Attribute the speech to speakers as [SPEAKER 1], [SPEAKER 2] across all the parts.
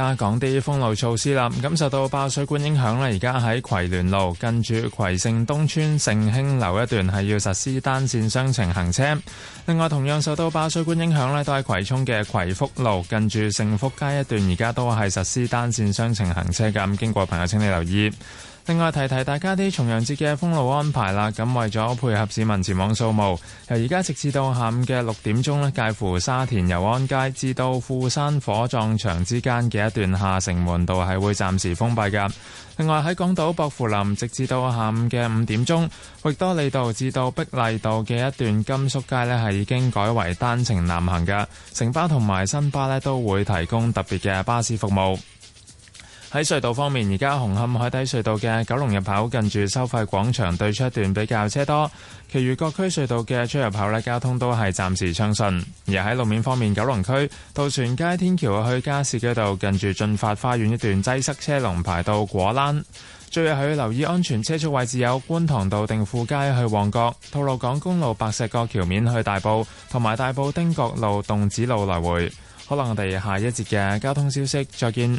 [SPEAKER 1] 而家講啲封路措施啦，咁受到爆水管影響呢，而家喺葵聯路近住葵盛東村盛興樓一段係要實施單綫雙程行車。另外，同樣受到爆水管影響呢，都喺葵涌嘅葵福路近住盛福街一段，而家都係實施單綫雙程行車嘅。咁經過朋友，請你留意。另外提提大家啲重陽節嘅封路安排啦，咁為咗配合市民前往掃墓，由而家直至到下午嘅六點鐘呢，介乎沙田油安街至到富山火葬場之間嘅一段下城門道係會暫時封閉嘅。另外喺港島薄扶林，直至到下午嘅五點鐘，域多利道至到碧麗道嘅一段金粟街呢係已經改為單程南行嘅，城巴同埋新巴呢都會提供特別嘅巴士服務。喺隧道方面，而家紅磡海底隧道嘅九龍入口近住收費廣場對出一段比較車多，其餘各區隧道嘅出入口呢，交通都係暫時暢順。而喺路面方面，九龍區渡船街天橋去加士居道近住駿發花園一段擠塞車龍排到果欄。最後，要留意安全車速位置有觀塘道定富街去旺角、吐露港公路白石角橋面去大埔，同埋大埔汀角路、洞子路來回。可能我哋下一節嘅交通消息再見。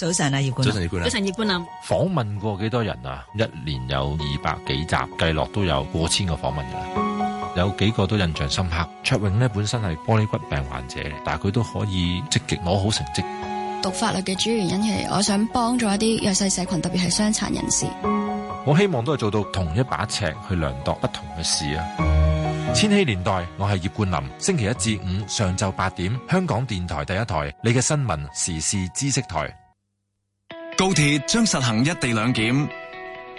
[SPEAKER 2] 早晨啦，葉冠霖。早晨葉冠林。
[SPEAKER 3] 訪問過幾多人啊？一年有二百幾
[SPEAKER 4] 集，計落都有過千個訪問噶啦。有幾個都印象深刻。卓穎咧本身係玻璃骨病患者，但係佢都可以積極攞好成績。
[SPEAKER 2] 讀法律嘅主要原因係，我想幫助一啲弱勢社群，特別係傷殘人士。
[SPEAKER 4] 我希望都係做到同一
[SPEAKER 1] 把尺去量度不同嘅事啊。千禧年代，我係葉冠林。星期一至五上晝八點，香港電台第一台，你嘅新聞時事知識台。高鐵將實行一地兩檢，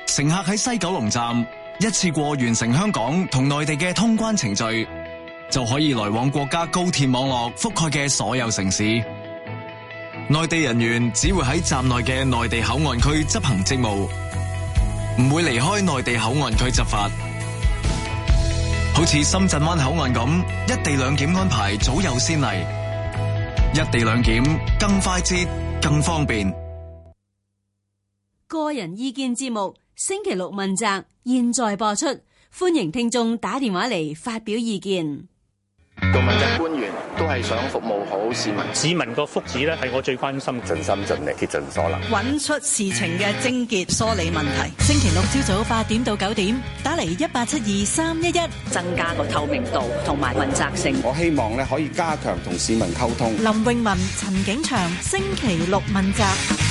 [SPEAKER 1] 乘客喺西九龍站一次過完成香港同內地嘅通關程序，就可以來往國家高鐵網絡覆蓋嘅所有城市。內地人員只會喺站內嘅內地口岸區執行職務，唔會離開內地口岸區執法。好似深圳灣口岸咁，一地兩檢安排早有先例，一地兩檢更快捷、更方便。
[SPEAKER 5] 個人意見節目星期六問責現在播出，歡迎聽眾打電話嚟發表意見。
[SPEAKER 3] 同問責官員都係想服務好市民，市民個福祉呢係我最關心，盡心盡力竭盡所能，
[SPEAKER 5] 揾出事情嘅症結，梳理問題。星期六朝早8點到9點，
[SPEAKER 3] 打
[SPEAKER 2] 嚟1872 311， 增加個透明度和問責性。
[SPEAKER 3] 我希望呢可以加強同市民溝通。
[SPEAKER 2] 林詠雯、陳景祥，星期六問責。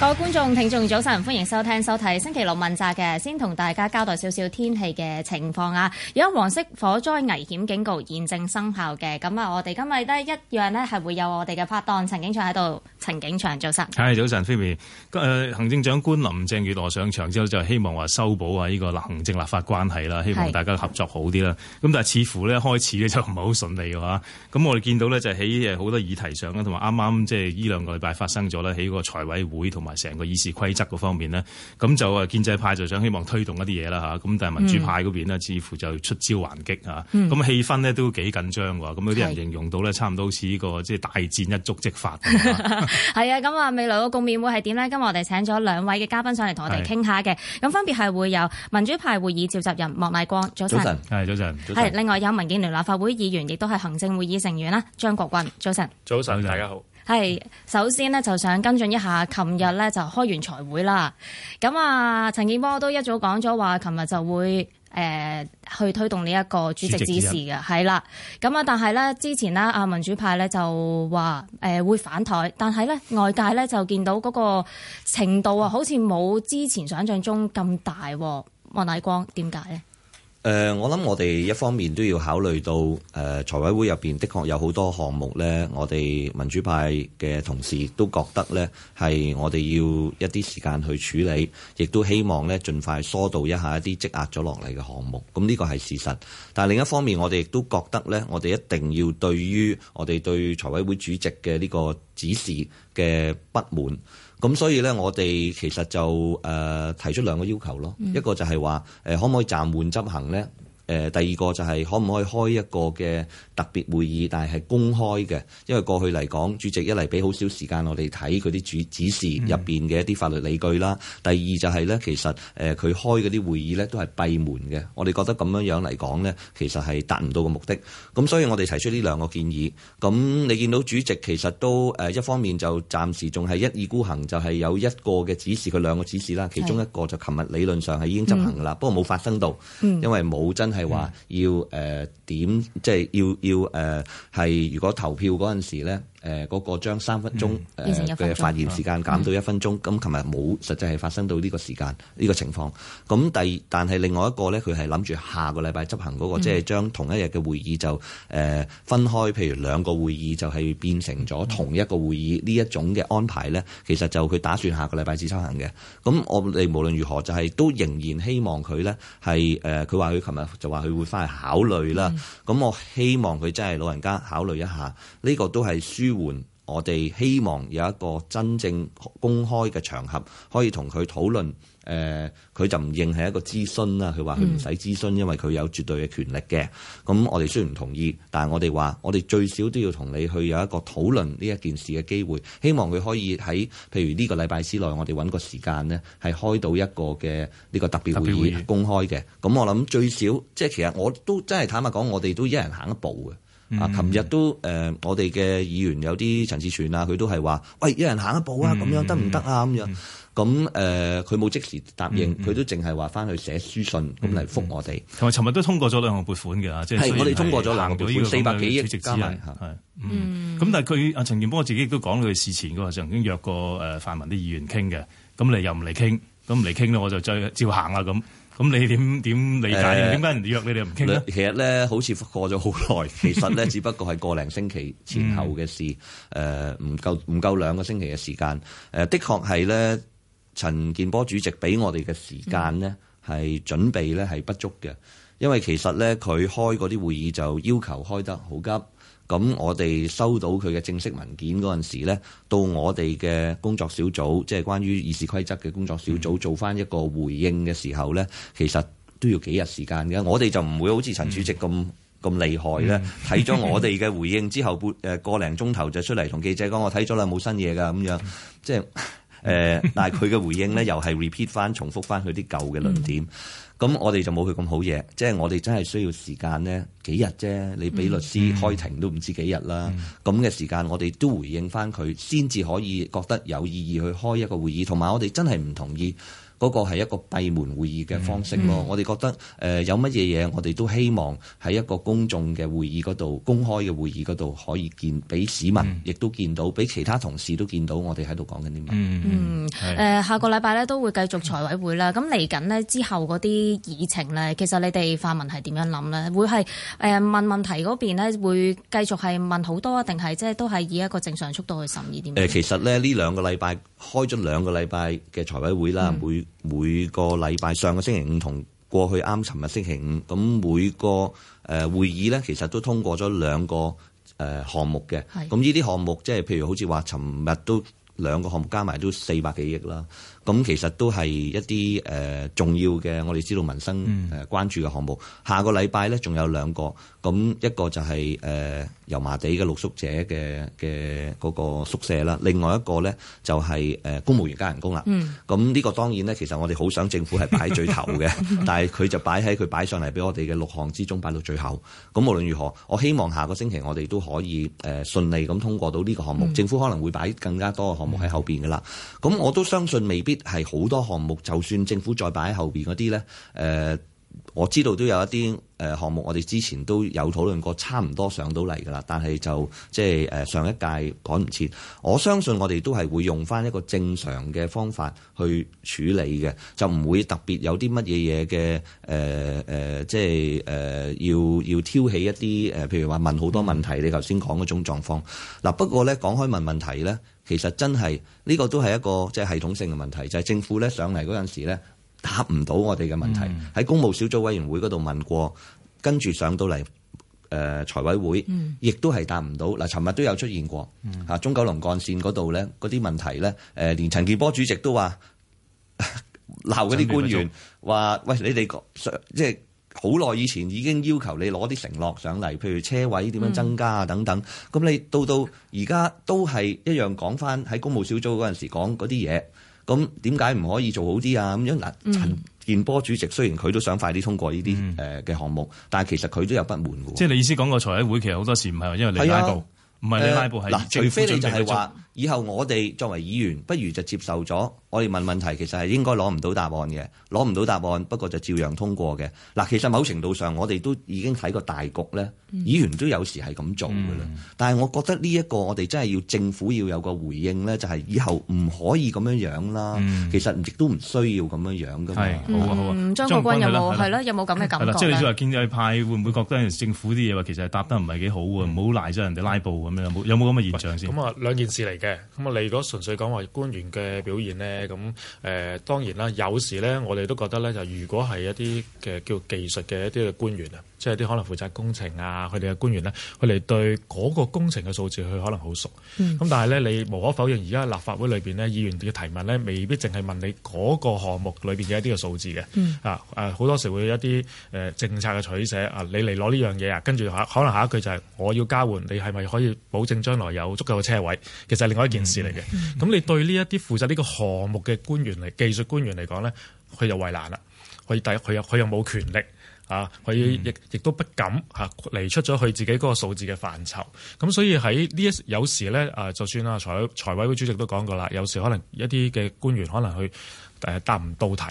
[SPEAKER 2] 各位觀眾、聽眾，早晨，歡迎收聽收睇星期六問責嘅，先同大家交代少少天氣嘅情況啊。有黃色火災危險警告現正生效嘅，咁啊，我哋今日都一樣呢係會有我哋嘅拍檔陳景祥喺度。陳景
[SPEAKER 6] 祥早晨，係早晨，Phoebe，呃。行政長官林鄭月娥上場之後，就希望話修補啊，呢個行政立法關係啦，希望大家合作好啲啦。咁是但係似乎咧開始咧就唔係好順利嘅話。咁、啊、我哋見到咧就喺、是、好多議題上同埋啱啱即係呢兩個禮拜發生咗咧，喺個財委會同埋成個議事規則嗰方面呢，咁就誒建制派就想希望推動一啲嘢啦嚇。咁、啊、但係民主派嗰邊咧，嗯、似乎就出招還擊嚇。咁、啊嗯嗯、氣氛呢都幾緊張㗎。咁、啊、有啲人形容到咧，差唔多好似呢個即係大戰一觸即發。
[SPEAKER 2] 啊 係啊，咁啊，未來個局面會係點咧？今日我哋請咗兩位嘅嘉賓上嚟同我哋傾下嘅，咁的分別係會有民主派會議召集人，莫乃光早晨，
[SPEAKER 6] 係早
[SPEAKER 4] 晨安，係安，另
[SPEAKER 2] 外有民建聯立法會議員，亦都係行政會議成員啦，張國鈞，早晨，
[SPEAKER 4] 早晨，大家好。
[SPEAKER 2] 係首先呢就想跟進一下，琴日咧就開完財會啦。咁啊，陳健波都一早講咗話，琴日就會。誒、呃、去推動呢一個主席指示嘅係啦，咁啊，但係咧之前咧，啊民主派咧就話誒會反台，但係咧外界咧就見到嗰個程度啊，好似冇之前想象中咁大。莫乃光，點解咧？
[SPEAKER 7] 誒、呃，我諗我哋一方面都要考慮到誒、呃、財委會入邊，的確有好多項目呢，我哋民主派嘅同事都覺得呢，係我哋要一啲時間去處理，亦都希望呢盡快疏導一下一啲積壓咗落嚟嘅項目。咁呢個係事實，但係另一方面，我哋亦都覺得呢，我哋一定要對於我哋對財委會主席嘅呢個指示嘅不滿。咁所以咧，我哋其實就誒、呃、提出兩個要求咯，一個就係話誒可唔可以暫緩執行咧？誒、呃、第二個就係可唔可以開一個嘅特別會議，但係係公開嘅，因為過去嚟講，主席一嚟俾好少時間我哋睇佢啲指指示入邊嘅一啲法律理據啦。嗯、第二就係、是、呢，其實誒佢開嗰啲會議呢都係閉門嘅。我哋覺得咁樣樣嚟講呢，其實係達唔到個目的。咁所以我哋提出呢兩個建議。咁你見到主席其實都誒一方面就暫時仲係一意孤行，就係、是、有一個嘅指示，佢兩個指示啦，其中一個就琴日理論上係已經執行㗎啦，嗯、不過冇發生到，嗯、因為冇真係話要誒點、嗯呃，即係要。要要要誒係，如果投票嗰陣時咧。誒嗰個將三分鐘佢嘅發言時間減到一分鐘，咁琴日冇實際係發生到呢個時間呢、這個情況，咁第，但係另外一個咧，佢係諗住下、那個禮拜執行個即係將同一日嘅會議就誒、呃、分開譬如兩個會議就係變成咗同一個會議呢、嗯、一種嘅安排咧。其實就佢打算下個禮拜至執行嘅。咁我哋無論如何，就係都仍然希望佢咧係誒佢話佢琴日就話佢會翻去考慮啦。咁、嗯嗯、我希望佢真係老人家考慮一下，呢、這個都係舒。我哋希望有一個真正公開嘅場合，可以同佢討論。誒、呃，佢就唔認係一個諮詢啦。佢話佢唔使諮詢，因為佢有絕對嘅權力嘅。咁我哋雖然唔同意，但係我哋話，我哋最少都要同你去有一個討論呢一件事嘅機會。希望佢可以喺譬如呢個禮拜之內，我哋揾個時間呢係開到一個嘅呢個特別會議，公開嘅。咁我諗最少，即係其實我都真係坦白講，我哋都一人行一步嘅。啊！琴日都誒，我哋嘅議員有啲陳志全啊，佢都係話，喂，一人行一步啊，咁樣得唔得啊？咁樣，咁、呃、誒，佢冇即時答應，佢、嗯嗯嗯嗯、都淨係話翻去寫書信咁嚟覆我哋。
[SPEAKER 6] 同埋、嗯嗯，尋日都通過咗兩個撥款嘅，即係我哋通過咗兩個撥款四百幾億加埋
[SPEAKER 7] 嚇。
[SPEAKER 6] 咁、嗯嗯、但係佢阿陳健波自己都講，佢事前嗰陣曾經約過泛民啲議員傾嘅，咁你又唔嚟傾，咁唔嚟傾呢，我就再照行啦、啊、咁。咁你點點理解？點解人約你哋唔傾咧？
[SPEAKER 7] 其實咧，好似過咗好耐。其實咧，只不過係個零星期前後嘅事。誒、 嗯呃，唔夠唔夠兩個星期嘅時間。誒、呃，的確係咧，陳健波主席俾我哋嘅時間咧，係準備咧係不足嘅。因為其實咧，佢開嗰啲會議就要求開得好急。咁我哋收到佢嘅正式文件嗰陣時咧，到我哋嘅工作小組，即係關於議事規則嘅工作小組做翻一個回應嘅時候咧，其實都要幾日時間嘅。我哋就唔會好似陳主席咁咁厲害咧。睇咗、嗯、我哋嘅回應之後半誒 個零鐘頭就出嚟同記者講，我睇咗啦，冇新嘢㗎咁樣即係誒，呃、 但係佢嘅回應咧，又係 repeat 翻重複翻佢啲舊嘅論點。嗯咁我哋就冇佢咁好嘢，即係我哋真係需要時間呢幾日啫？你俾律師開庭都唔知幾日啦，咁嘅，嗯嗯，時間我哋都回應翻佢，先至可以覺得有意義去開一個會議，同埋我哋真係唔同意。嗰個係一個閉門會議嘅方式咯，嗯、我哋覺得誒、呃、有乜嘢嘢，我哋都希望喺一個公眾嘅會議嗰度、公開嘅會議嗰度可以見，俾市民亦都見到，俾、嗯、其他同事都見到我，我哋喺度講緊啲乜。嗯，誒、呃、
[SPEAKER 2] 下個禮拜咧都會繼續財委會啦。咁嚟緊呢之後嗰啲議程咧，其實你哋泛民係點樣諗咧？會係誒、呃、問問題嗰邊咧，會繼續係問好多，定係即係都係以一個正常速度去審議點樣、呃？其
[SPEAKER 7] 實咧呢兩個禮拜，開咗兩個禮拜嘅財委會啦、嗯，每每個禮拜上個星期五同過去啱，尋日星期五，咁每個誒、呃、會議咧，其實都通過咗兩個誒、呃、項目嘅、係，咁呢啲項目即係譬如好似話，尋日都兩個項目加埋都四百幾億啦，咁其實都係一啲誒、呃、重要嘅，我哋知道民生誒、呃、關注嘅項目。下個禮拜咧，仲有兩個，咁一個就係、是、誒、呃、油麻地嘅露宿者嘅嘅嗰個宿舍啦。另外一個咧就係、是、誒、呃、公務員加人工啦。咁呢、嗯、個當然咧，其實我哋好想政府係擺喺最頭嘅， 但係佢就擺喺佢擺上嚟俾我哋嘅六項之中擺到最後。咁無論如何，我希望下個星期我哋都可以誒、呃、順利咁通過到呢個項目。嗯、政府可能會擺更加多嘅項目喺後邊噶啦。咁我都相信未必。係好多項目，就算政府再擺喺後邊嗰啲呢。誒、呃，我知道都有一啲誒項目，我哋之前都有討論過，差唔多上到嚟㗎喇，但係就即係、就是呃、上一屆趕唔切，我相信我哋都係會用返一個正常嘅方法去處理嘅，就唔會特別有啲乜嘢嘢嘅誒誒，即係誒要要挑起一啲誒、呃，譬如話問好多問題，你頭先講嗰種狀況。嗱、啊，不過呢，講開問問題呢。其實真係呢、這個都係一個即係系統性嘅問題，就係、是、政府咧上嚟嗰陣時咧答唔到我哋嘅問題，喺、嗯、公務小組委員會嗰度問過，跟住上到嚟誒財委會，嗯、亦都係答唔到。嗱，尋日都有出現過，啊、嗯，中九龍幹線嗰度咧嗰啲問題咧，誒、呃，連陳健波主席都話鬧嗰啲官員話，喂，你哋講即係。好耐以前已經要求你攞啲承諾上嚟，譬如車位點樣增加啊等等。咁、嗯、你到到而家都係一樣講翻喺工務小組嗰陣時講嗰啲嘢。咁點解唔可以做好啲啊？咁樣嗱，陳健波主席雖然佢都想快啲通過呢啲誒嘅項目，嗯、但係其實佢都有不滿嘅。即係
[SPEAKER 6] 你意思講個財委會其實好多時唔係因為你拉布，唔係、啊、你拉布係，呃、是是除非你就係話。
[SPEAKER 7] 以後我哋作為議員，不如就接受咗我哋問問題，其實係應該攞唔到答案嘅，攞唔到答案，不過就照樣通過嘅。嗱，其實某程度上我哋都已經睇過大局咧，議員都有時係咁做嘅啦。嗯、但係我覺得呢一個我哋真係要政府要有個回應咧，就係、是、以後唔可以咁樣樣啦。嗯、其實亦都唔需要咁樣樣噶嘛。好好啊。張國
[SPEAKER 2] 鈞有冇係啦？有冇咁嘅感覺咧？即係你
[SPEAKER 7] 話
[SPEAKER 6] 建制派會唔會覺得政府啲嘢話其實係答得唔係幾好啊？唔好賴咗人哋拉布咁樣，有冇咁嘅現象先？咁
[SPEAKER 4] 啊，兩件事嚟嘅。咁啊、嗯，你如果純粹講話官員嘅表現咧，咁誒、呃、當然啦，有時咧我哋都覺得咧，就如果係一啲嘅叫技術嘅一啲嘅官員啊。即係啲可能負責工程啊，佢哋嘅官員咧，佢哋對嗰個工程嘅數字，佢可能好熟。咁、嗯、但係咧，你無可否認，而家立法會裏邊咧，議員嘅提問咧，未必淨係問你嗰個項目裏邊嘅一啲嘅數字嘅。嗯、啊誒，好多時會有一啲誒、呃、政策嘅取捨啊，你嚟攞呢樣嘢啊，跟住可可能下一句就係我要交換，你係咪可以保證將來有足夠嘅車位？其實係另外一件事嚟嘅。咁、嗯嗯嗯、你對呢一啲負責呢個項目嘅官員嚟技術官員嚟講咧，佢就為難啦。佢第佢又佢又冇權力。啊，佢亦亦都不敢嚇嚟出咗佢自己嗰個數字嘅範疇，咁，所以喺呢一時有時咧啊，就算啊財財，財委會主席都講過啦，有時可能一啲嘅官員可能佢誒、啊、答唔到題，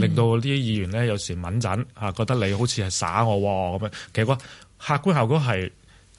[SPEAKER 4] 令到啲議員咧有時敏感嚇、啊、覺得你好似係耍我咁、哦、樣，其實個客觀效果係誒、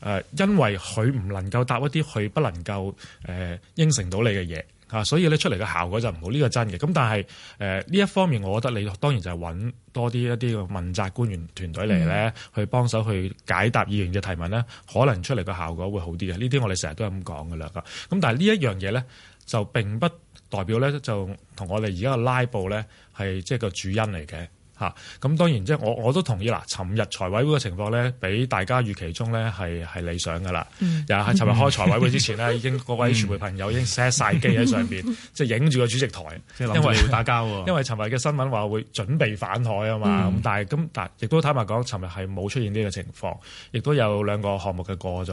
[SPEAKER 4] 啊、因為佢唔能夠答一啲佢不能夠誒、啊、應承到你嘅嘢。啊，所以咧出嚟嘅效果就唔好，呢個真嘅。咁但係誒呢一方面，我覺得你當然就係揾多啲一啲嘅問責官員團隊嚟咧，嗯、去幫手去解答議員嘅提問咧，可能出嚟嘅效果會好啲嘅。呢啲我哋成日都係咁講噶啦。咁但係呢一樣嘢咧，就並不代表咧就同我哋而家嘅拉布咧係即係個主因嚟嘅。嚇！咁、啊、當然即係我我都同意啦。尋日財委會嘅情況咧，比大家預期中咧係係理想噶啦。又喺尋日開財委會之前咧，嗯、已經各位傳媒朋友已經 set 曬機喺上邊，嗯、即係影住個主席台。會會因為打交，因為尋日嘅新聞話會準備反台啊嘛。咁、嗯、但係咁但亦都坦白講，尋日係冇出現呢個情況，亦都有兩個項目嘅過咗。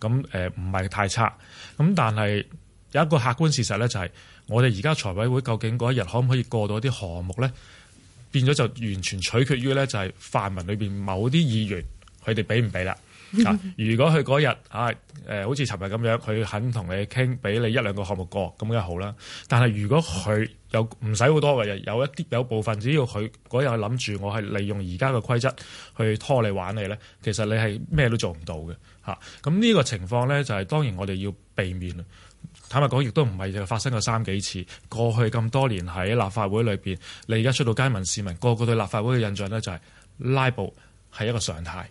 [SPEAKER 4] 咁誒唔係太差。咁但係有一個客觀事實咧，就係、是、我哋而家財委會究竟嗰一日可唔可以過到啲項目咧？變咗就完全取決於咧，就係、是、泛民裏邊某啲議員佢哋俾唔俾啦。啊，如果佢嗰日嚇誒好似尋日咁樣，佢肯同你傾，俾你一兩個項目過，咁梗係好啦。但係如果佢有唔使好多嘅，有一啲有部分，只要佢嗰日諗住我係利用而家嘅規則去拖你玩你咧，其實你係咩都做唔到嘅嚇。咁、啊、呢個情況咧，就係、是、當然我哋要避免啦。坦白講，亦都唔係就發生過三幾次。過去咁多年喺立法會裏邊，你而家出到街民市民，個個對立法會嘅印象咧就係、是、拉布係一個常態。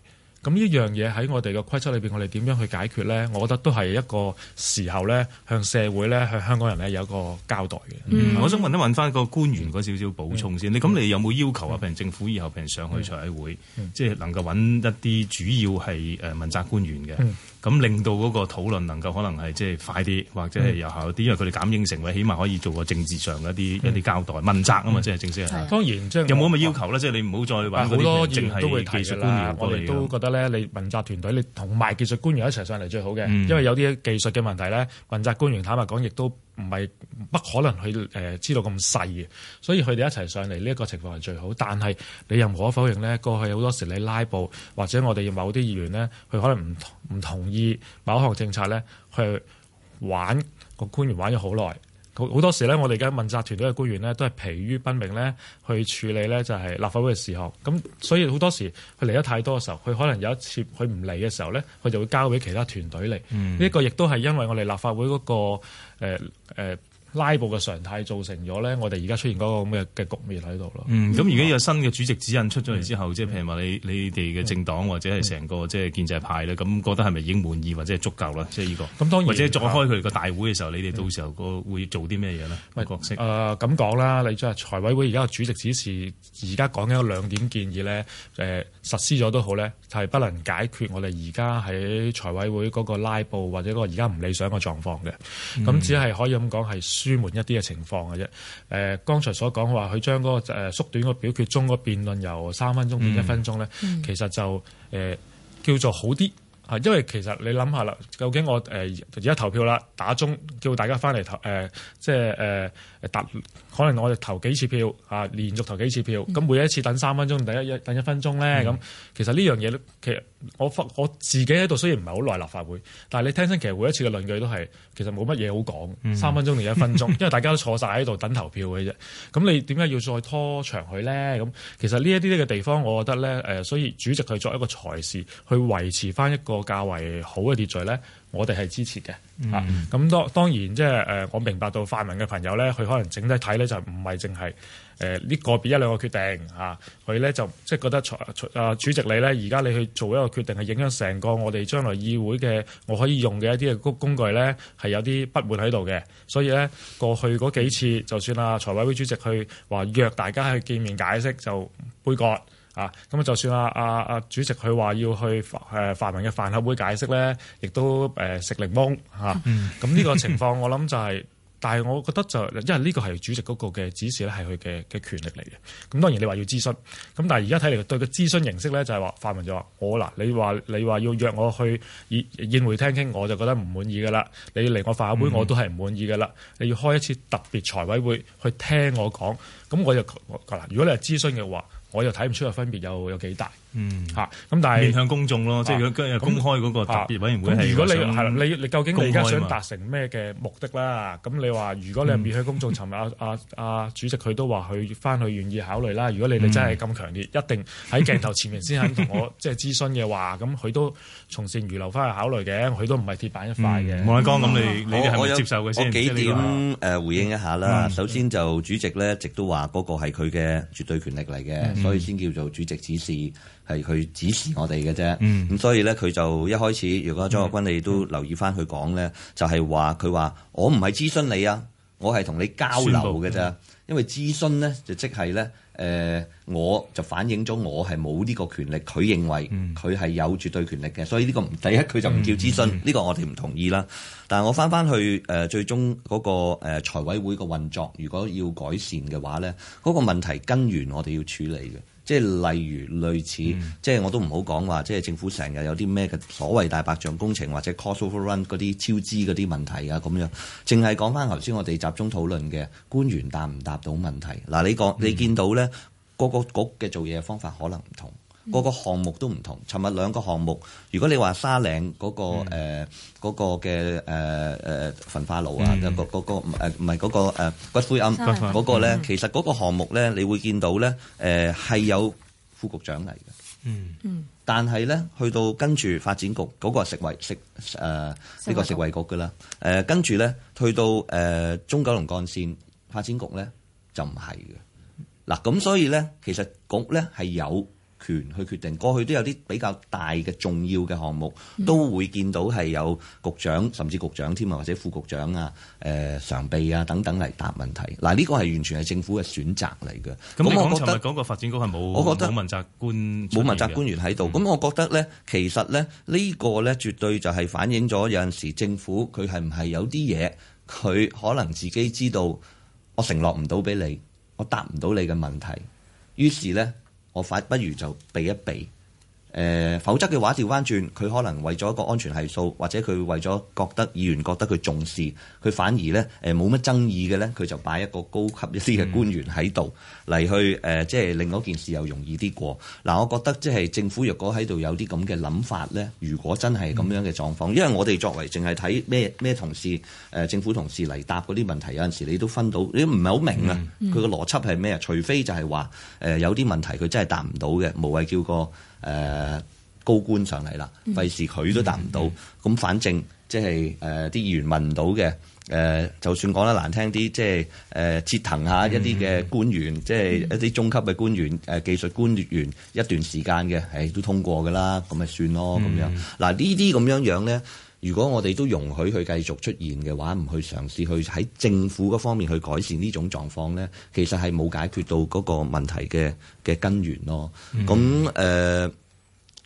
[SPEAKER 4] 咁呢樣嘢喺我哋嘅規則裏邊，我哋點樣去解決咧？我覺得都係一個時候咧，向社會咧，向香港人咧，有一個交代嘅。嗯嗯、我想問一問翻個官員嗰少少
[SPEAKER 6] 補充先。嗯、你咁，你有冇要求啊？嗯、譬如政府以後，譬如上去財委會，嗯嗯、即係能夠揾一啲主要係誒問責官員嘅？嗯嗯咁令到嗰個討論能夠可能係即係快啲，或者係有效啲，因為佢哋減輕成委，起碼可以做個政治上嘅一啲一啲交代，問責啊嘛，即、就、係、是、正式係。當然，即係有冇咁嘅要求咧？即係我你唔好再話好、嗯、些多議員都會提嘅啦、啊。我哋都覺
[SPEAKER 4] 得咧，你問責團隊，你同埋技術官員一齊上嚟最好嘅，嗯、因為有啲技術嘅問題咧，問責官員坦白講，亦都。唔係不，不可能去誒、呃、知道咁細嘅，所以佢哋一齊上嚟呢一個情況係最好。但係你又無可否認咧，過去好多時你拉布或者我哋某啲議員咧，佢可能唔同唔同意某一項政策咧，去玩個官員玩咗好耐。好好多時咧，我哋而家問責團隊嘅官員咧，都係疲於奔命咧，去處理咧就係立法會嘅事項。咁所以好多時佢嚟得太多嘅時候，佢可能有一次佢唔嚟嘅時候咧，佢就會交俾其他團隊嚟。嗯、呢個亦都係因為我哋立法會嗰個、誒、呃呃拉布嘅常態造成咗咧，我哋而家出現嗰個咩嘅局面喺度咯。咁而
[SPEAKER 6] 家有新嘅主席指引出咗嚟之後，即係譬如話你你哋嘅政黨、嗯、或者係成個即係建制派咧，咁、嗯、覺得係咪已經滿意、嗯、或者係足夠啦？即係呢個。咁當然。或者再開佢哋個
[SPEAKER 4] 大會嘅時候，嗯、你哋到時候個會做啲咩嘢咧？咩、嗯、角色？成、呃。咁講啦，你即係。財委會而家嘅主席指示，而家講緊有兩點建議咧，誒、呃、實施咗都好咧，係、就是、不能解決我哋而家喺財委會嗰個拉布或者嗰個而家唔理想嘅狀況嘅。咁、嗯、只係可以咁講係。舒緩一啲嘅情況嘅啫。誒、呃，剛才所講嘅話，佢將嗰個誒縮短個表決中個辯論由三分鐘變一分鐘咧，嗯、其實就誒、呃、叫做好啲啊，因為其實你諗下啦，究竟我誒而家投票啦，打鐘叫大家翻嚟投誒，即係誒、呃、打。可能我哋投幾次票，啊，連續投幾次票，咁、嗯、每一次等三分鐘，等一等一分鐘咧，咁、嗯、其實呢樣嘢咧，其實我我自己喺度雖然唔係好耐立法會，但係你聽真，其實每一次嘅論據都係其實冇乜嘢好講，嗯、三分鐘定一分鐘， 因為大家都坐晒喺度等投票嘅啫。咁你點解要再拖長佢咧？咁其實呢一啲嘅地方，我覺得咧，誒，所以主席去作一個裁事，去維持翻一個較為好嘅秩序咧。我哋係支持嘅，mm hmm. 啊，咁當當然即係誒，我明白到泛民嘅朋友咧，佢可能整體睇咧就唔係淨係誒呢個別一兩個決定嚇，佢、啊、咧就即係覺得財啊主席，你咧而家你去做一個決定係影響成個我哋將來議會嘅我可以用嘅一啲嘅工具咧係有啲不滿喺度嘅，所以咧過去嗰幾次就算啊財委會主席去話約大家去見面解釋就杯葛。啊，咁啊，就算阿阿阿主席佢話要去誒、呃、泛民嘅飯盒會解釋咧，亦都誒、呃、食檸檬嚇。咁、啊、呢、嗯、個情況 我諗就係、是，但係我覺得就因為呢個係主席嗰個嘅指示咧，係佢嘅嘅權力嚟嘅。咁當然你話要諮詢，咁但係而家睇嚟對個諮詢形式咧，就係話泛民就話我嗱，你話你話要約我去宴宴會廳傾，我就覺得唔滿意噶啦。你嚟我飯盒會我都係唔滿意噶啦。嗯、你要開一次特別財委會去聽我講，咁我就嗱，如果你係諮詢嘅話。我又睇唔出個分別有有幾大。嗯，嚇咁但係面向公眾咯，即係如果公開嗰個特別委員會如果你係啦，你你究竟你而家想達成咩嘅目的啦？咁你話如果你係面向公眾，尋日阿阿阿主席佢都話佢翻去願意考慮啦。如果你哋真係咁強烈，一定喺鏡頭前面先肯同我即係諮詢嘅話，咁佢都從善如流翻去考慮嘅，佢都唔係鐵板一塊嘅。冇得講，咁你你可以接受佢先？我幾點
[SPEAKER 7] 誒回應一下啦？首先就主席咧一直都話嗰個係佢嘅絕對權力嚟嘅，所以先叫做主席指示。係佢指示我哋嘅啫，咁、嗯、所以咧，佢就一開始，如果張國鈞你都留意翻佢講咧，嗯、就係話佢話我唔係諮詢你啊，我係同你交流嘅啫，嗯、因為諮詢咧就即係咧，誒、呃、我就反映咗我係冇呢個權力，佢認為佢係有絕對權力嘅，所以呢個第一佢就唔叫諮詢，呢、嗯、個我哋唔同意啦。但係我翻翻去誒、呃，最終嗰、那個誒、呃、財委會個運作，如果要改善嘅話咧，嗰、那個問題根源我哋要處理嘅。即係例如類似，嗯、即係我都唔好講話，即係政府成日有啲咩嘅所謂大白象工程或者 cost overrun 嗰啲超支嗰啲問題啊咁樣，淨係講翻頭先我哋集中討論嘅官員答唔答到問題，嗱、嗯，你講你見到咧，個個局嘅做嘢方法可能唔同。個個項目都唔同。尋日兩個項目，如果你話沙嶺嗰、嗰個誒嘅誒誒焚化爐啊，嗯嗰個、嗰個唔誒唔係嗰個、啊、骨灰庵嗰個咧，沙嶺其實嗰個項目咧，你會見到咧誒係有副局長嚟嘅，嗯嗯，但係咧去到跟住發展局嗰、嗰個食衞食誒、呃呢個呃、呢個食衞局噶啦，誒跟住咧去到誒、呃、中九龍幹線發展局咧就唔係嘅嗱，咁、呃、所以咧其實局咧係有。權去決定，過去都有啲比較大嘅重要嘅項目，都會見到係有局長甚至局長添啊，或者副局長啊、誒、呃、常秘啊等等嚟答問題。嗱，呢個係完全係政府嘅選擇嚟嘅。咁我覺得嗰
[SPEAKER 6] 個發展局係冇，我覺得冇問責官冇問責官
[SPEAKER 7] 員喺度。咁、嗯、我覺得咧，其實咧呢、呢個咧絕對就係反映咗有陣時政府佢係唔係有啲嘢，佢可能自己知道我承諾唔到俾你，我答唔到你嘅問題，於是咧。我反而不如就避一避。誒、呃，否則嘅話，調翻轉，佢可能為咗一個安全係數，或者佢為咗覺得議員覺得佢重視，佢反而呢誒冇乜爭議嘅呢，佢就擺一個高級一啲嘅官員喺度嚟去誒，即係令件事又容易啲過嗱。我覺得即係政府若果喺度有啲咁嘅諗法呢，如果真係咁樣嘅狀況，嗯、因為我哋作為淨係睇咩咩同事誒、呃、政府同事嚟答嗰啲問題，有陣時你都分到你唔係好明啊，佢個邏輯係咩啊？除非就係話誒有啲問題佢真係答唔到嘅，無謂叫個。誒、呃、高官上嚟啦，費事佢都答唔到，咁、嗯、反正即係誒啲議員問到嘅，誒、呃、就算講得難聽啲，即係誒折騰一下一啲嘅官員，即係、嗯、一啲中級嘅官員，誒、嗯、技術官員一段時間嘅，誒、哎、都通過㗎啦，咁咪算咯，咁、嗯、樣嗱、啊、呢啲咁樣樣咧。如果我哋都容許佢繼續出現嘅話，唔去嘗試去喺政府嗰方面去改善呢種狀況呢，其實係冇解決到嗰個問題嘅嘅根源咯。咁誒、mm. 呃，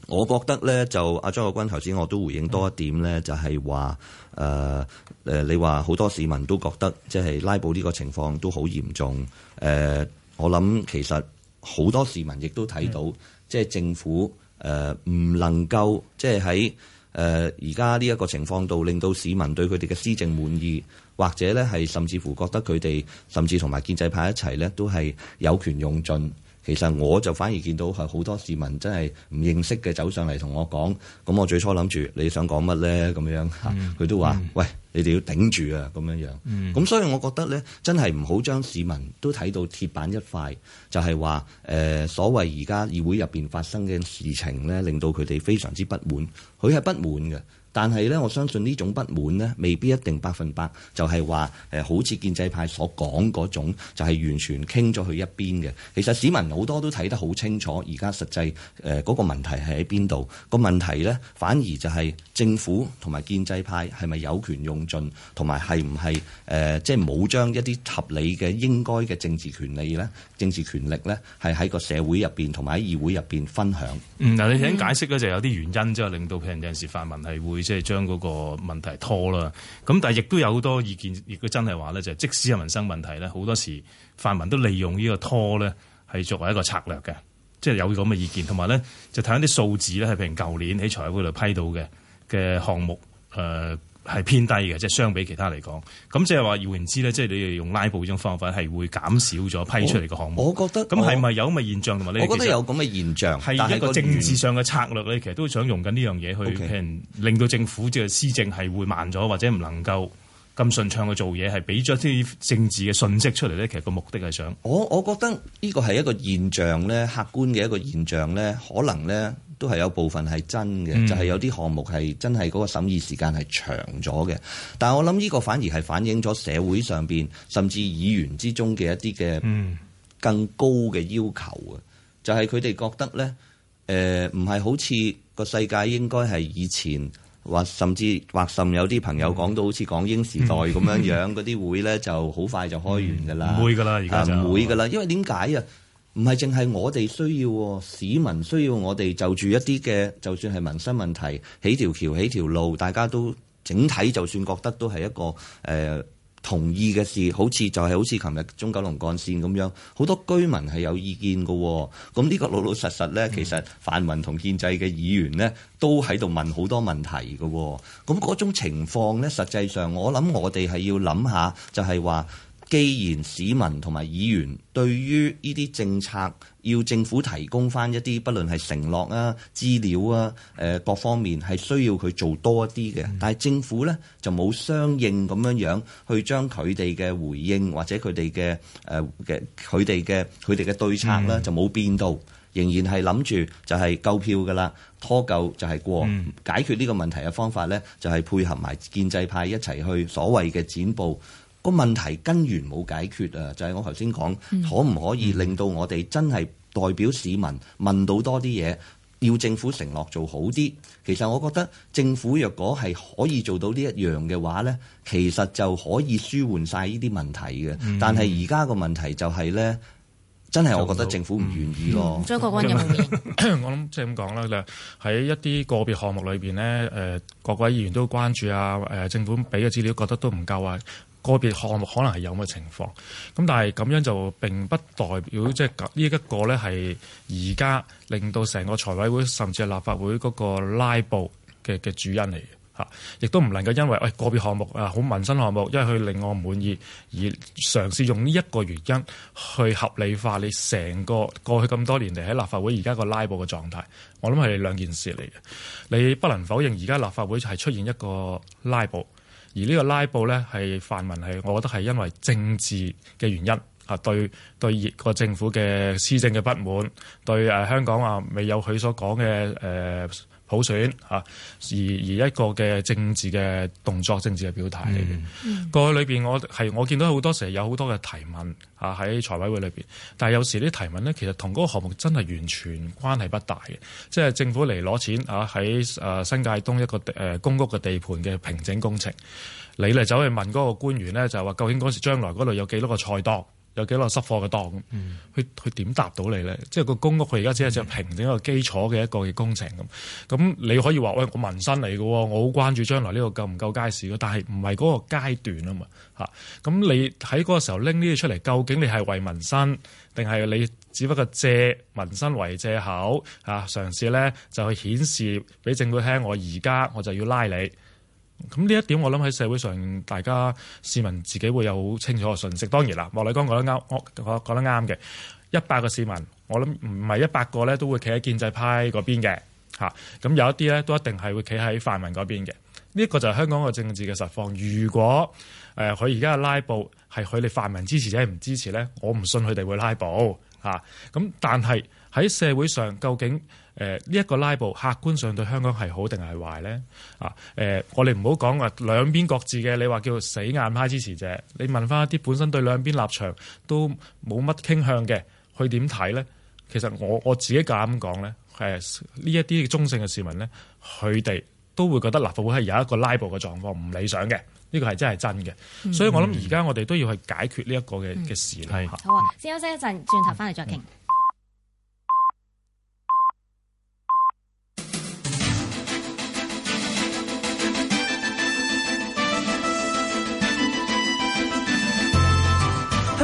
[SPEAKER 7] 我覺得呢，就張阿張國鈞頭先我都回應多一點呢，就係話誒誒，你話好多市民都覺得即係拉布呢個情況都好嚴重。誒、呃，我諗其實好多市民亦都睇到，即係政府誒唔、呃、能夠即係喺。而家呢一個情況度，令到市民對佢哋嘅施政滿意，或者係甚至乎覺得佢哋甚至同埋建制派一齊呢，都係有權用盡。其實我就反而見到係好多市民真係唔認識嘅走上嚟同我講，咁我最初諗住你想講乜咧咁樣吓，佢、嗯、都話：嗯、喂，你哋要頂住啊咁樣樣。咁、嗯、所以我覺得咧，真係唔好將市民都睇到鐵板一塊，就係話誒所謂而家議會入邊發生嘅事情咧，令到佢哋非常之不滿，佢係不滿嘅。但係咧，我相信呢種不滿咧，未必一定百分百就係話誒，好似建制派所講嗰種，就係完全傾咗去一邊嘅。其實市民好多都睇得好清楚，而家實際誒嗰個問題係喺邊度？個問題咧，反而就係政府同埋建制派係咪有權用盡，同埋係唔係誒，即係冇將一啲合理嘅應該嘅政治權利咧、政治權力咧，係喺個社會入邊同埋喺議會入邊分享。
[SPEAKER 6] 嗱、嗯、你頭先解釋咧，就、嗯、有啲原因之後令到譬如有陣時泛民係會。即係將嗰個問題拖啦，咁但係亦都有好多意見。亦都真係話咧，就係、即使係民生問題咧，好多時泛民都利用呢個拖咧，係作為一個策略嘅。即、就、係、係、有咁嘅意見，同埋咧就睇翻啲數字咧，係譬如舊年喺財委會度批到嘅嘅項目誒。呃係偏低嘅，即係相比其他嚟講，咁即係話換言之咧，即係你哋用拉布呢種方法係會減少咗批出嚟嘅項目。我，我覺得咁係咪有咁嘅現象？同埋你？我覺得有咁嘅現象係一個政治上嘅策略咧，嗰個、其實都想用緊呢樣嘢去 Okay. 令到政府即係施政係會慢咗或者唔能夠。咁順暢嘅做嘢，係俾咗啲政治嘅信息出嚟咧。其實個目的係想
[SPEAKER 7] 我，我覺得呢個係一個現象咧，客觀嘅一個現象咧，可能咧都係有部分係真嘅，就係、是、有啲項目係真係嗰個審議時間係長咗嘅。但係我諗，呢個反而係反映咗社會上邊，甚至議員之中嘅一啲嘅更高嘅要求啊！就係佢哋覺得咧，誒唔係好似個世界應該，係以前。或甚至或甚有啲朋友講到好似港英時代咁樣樣，嗰啲 會咧就好快就開完㗎啦。嗯、唔會㗎啦，而家唔會㗎啦，因為點解啊？唔係淨係我哋需要，市民需要，我哋就住一啲嘅，就算係民生問題，起條橋、起條路，大家都整體就算覺得都係一個誒。呃同意嘅事，好似就係好似琴日中九龍幹線咁樣，好多居民係有意見嘅。咁呢個老老實實咧，其實泛民同建制嘅議員咧，都喺度問好多問題嘅。咁嗰種情況咧，實際上我諗我哋係要諗下就，就係話。既然市民同埋議員對於呢啲政策要政府提供翻一啲，不論係承諾啊、資料啊、誒、呃、各方面係需要佢做多一啲嘅，但係政府咧就冇相應咁樣樣去將佢哋嘅回應或者佢哋嘅誒嘅佢哋嘅佢哋嘅對策咧就冇變到仍然係諗住就係夠票噶啦，拖夠就係過，嗯、解決呢個問題嘅方法咧，就係、是、配合埋建制派一齊去所謂嘅展布。個問題根源冇解決啊，就係、是、我頭先講，可唔可以令到我哋真係代表市民問到多啲嘢，要政府承諾做好啲。其實我覺得政府若果係可以做到呢一樣嘅話咧，其實就可以舒緩晒呢啲問題嘅。嗯、但係而家個問題就係、是、咧，真係我覺得政府唔願意咯。張國鈞、嗯嗯、個個有冇？ 我諗即係咁講啦，就喺一啲
[SPEAKER 4] 個別項目裏邊咧，誒各位議員都關注啊，誒、呃、政府俾嘅資料覺得都唔夠啊。個別項目可能係有咁嘅情況，咁但係咁樣就並不代表即係呢一個呢係而家令到成個財委會甚至係立法會嗰個拉布嘅嘅主因嚟嘅嚇，亦都唔能夠因為喂個別項目啊好民生項目因為佢令我唔滿意而嘗試用呢一個原因去合理化你成個過去咁多年嚟喺立法會而家個拉布嘅狀態，我諗係兩件事嚟嘅，你不能否認而家立法會係出現一個拉布。而呢個拉布咧係泛民係，我覺得係因為政治嘅原因啊，對對個政府嘅施政嘅不滿，對誒香港啊未有佢所講嘅誒，呃普選嚇、啊，而而一個嘅政治嘅動作、政治嘅表態裏邊，過去裏邊我係我見到好多時候有好多嘅提問嚇喺、啊、財委會裏邊，但係有時啲提問咧，其實同嗰個項目真係完全關係不大嘅，即、就、係、是、政府嚟攞錢嚇喺誒新界東一個誒、呃、公屋嘅地盤嘅平整工程，你嚟走去問嗰個官員咧，就係話究竟嗰時將來嗰度有幾多個菜檔？有幾耐失貨嘅檔咁，佢佢點答到你咧？即係個公屋佢而家只係只平整一個基礎嘅一個工程咁。咁、嗯、你可以話：喂，我民生嚟嘅，我好關注將來呢個夠唔夠街市嘅。但係唔係嗰個階段嘛啊嘛嚇。咁你喺嗰個時候拎呢啲出嚟，究竟你係為民生，定係你只不過借民生為借口啊？嘗試咧就去顯示俾政府聽，我而家我就要拉你。咁呢一點我諗喺社會上，大家市民自己會有好清楚嘅信息。當然啦，莫乃光講得啱，我我講得啱嘅。一百個市民，我諗唔係一百個咧，都會企喺建制派嗰邊嘅嚇。咁、啊、有一啲咧，都一定係會企喺泛民嗰邊嘅。呢、這、一個就係香港嘅政治嘅實況。如果誒佢而家嘅拉布係佢哋泛民支持者唔支持咧，我唔信佢哋會拉布嚇。咁、啊、但係喺社會上究竟？誒呢一個拉布，客觀上對香港係好定係壞咧？啊誒、呃，我哋唔好講話兩邊各自嘅，你話叫做死硬派支持者，你問翻一啲本身對兩邊立場都冇乜傾向嘅，佢點睇咧？其實我我自己敢咁講咧，誒呢一啲中性嘅市民咧，佢哋都會覺得立法會係有一個拉布嘅狀況唔理想嘅，呢、這個係真係真嘅。嗯、所以我諗而家我哋都要去解決呢一個嘅嘅、嗯、事咧。嗯、是
[SPEAKER 2] 好啊，先休息一陣，轉頭翻嚟再
[SPEAKER 1] 傾。嗯嗯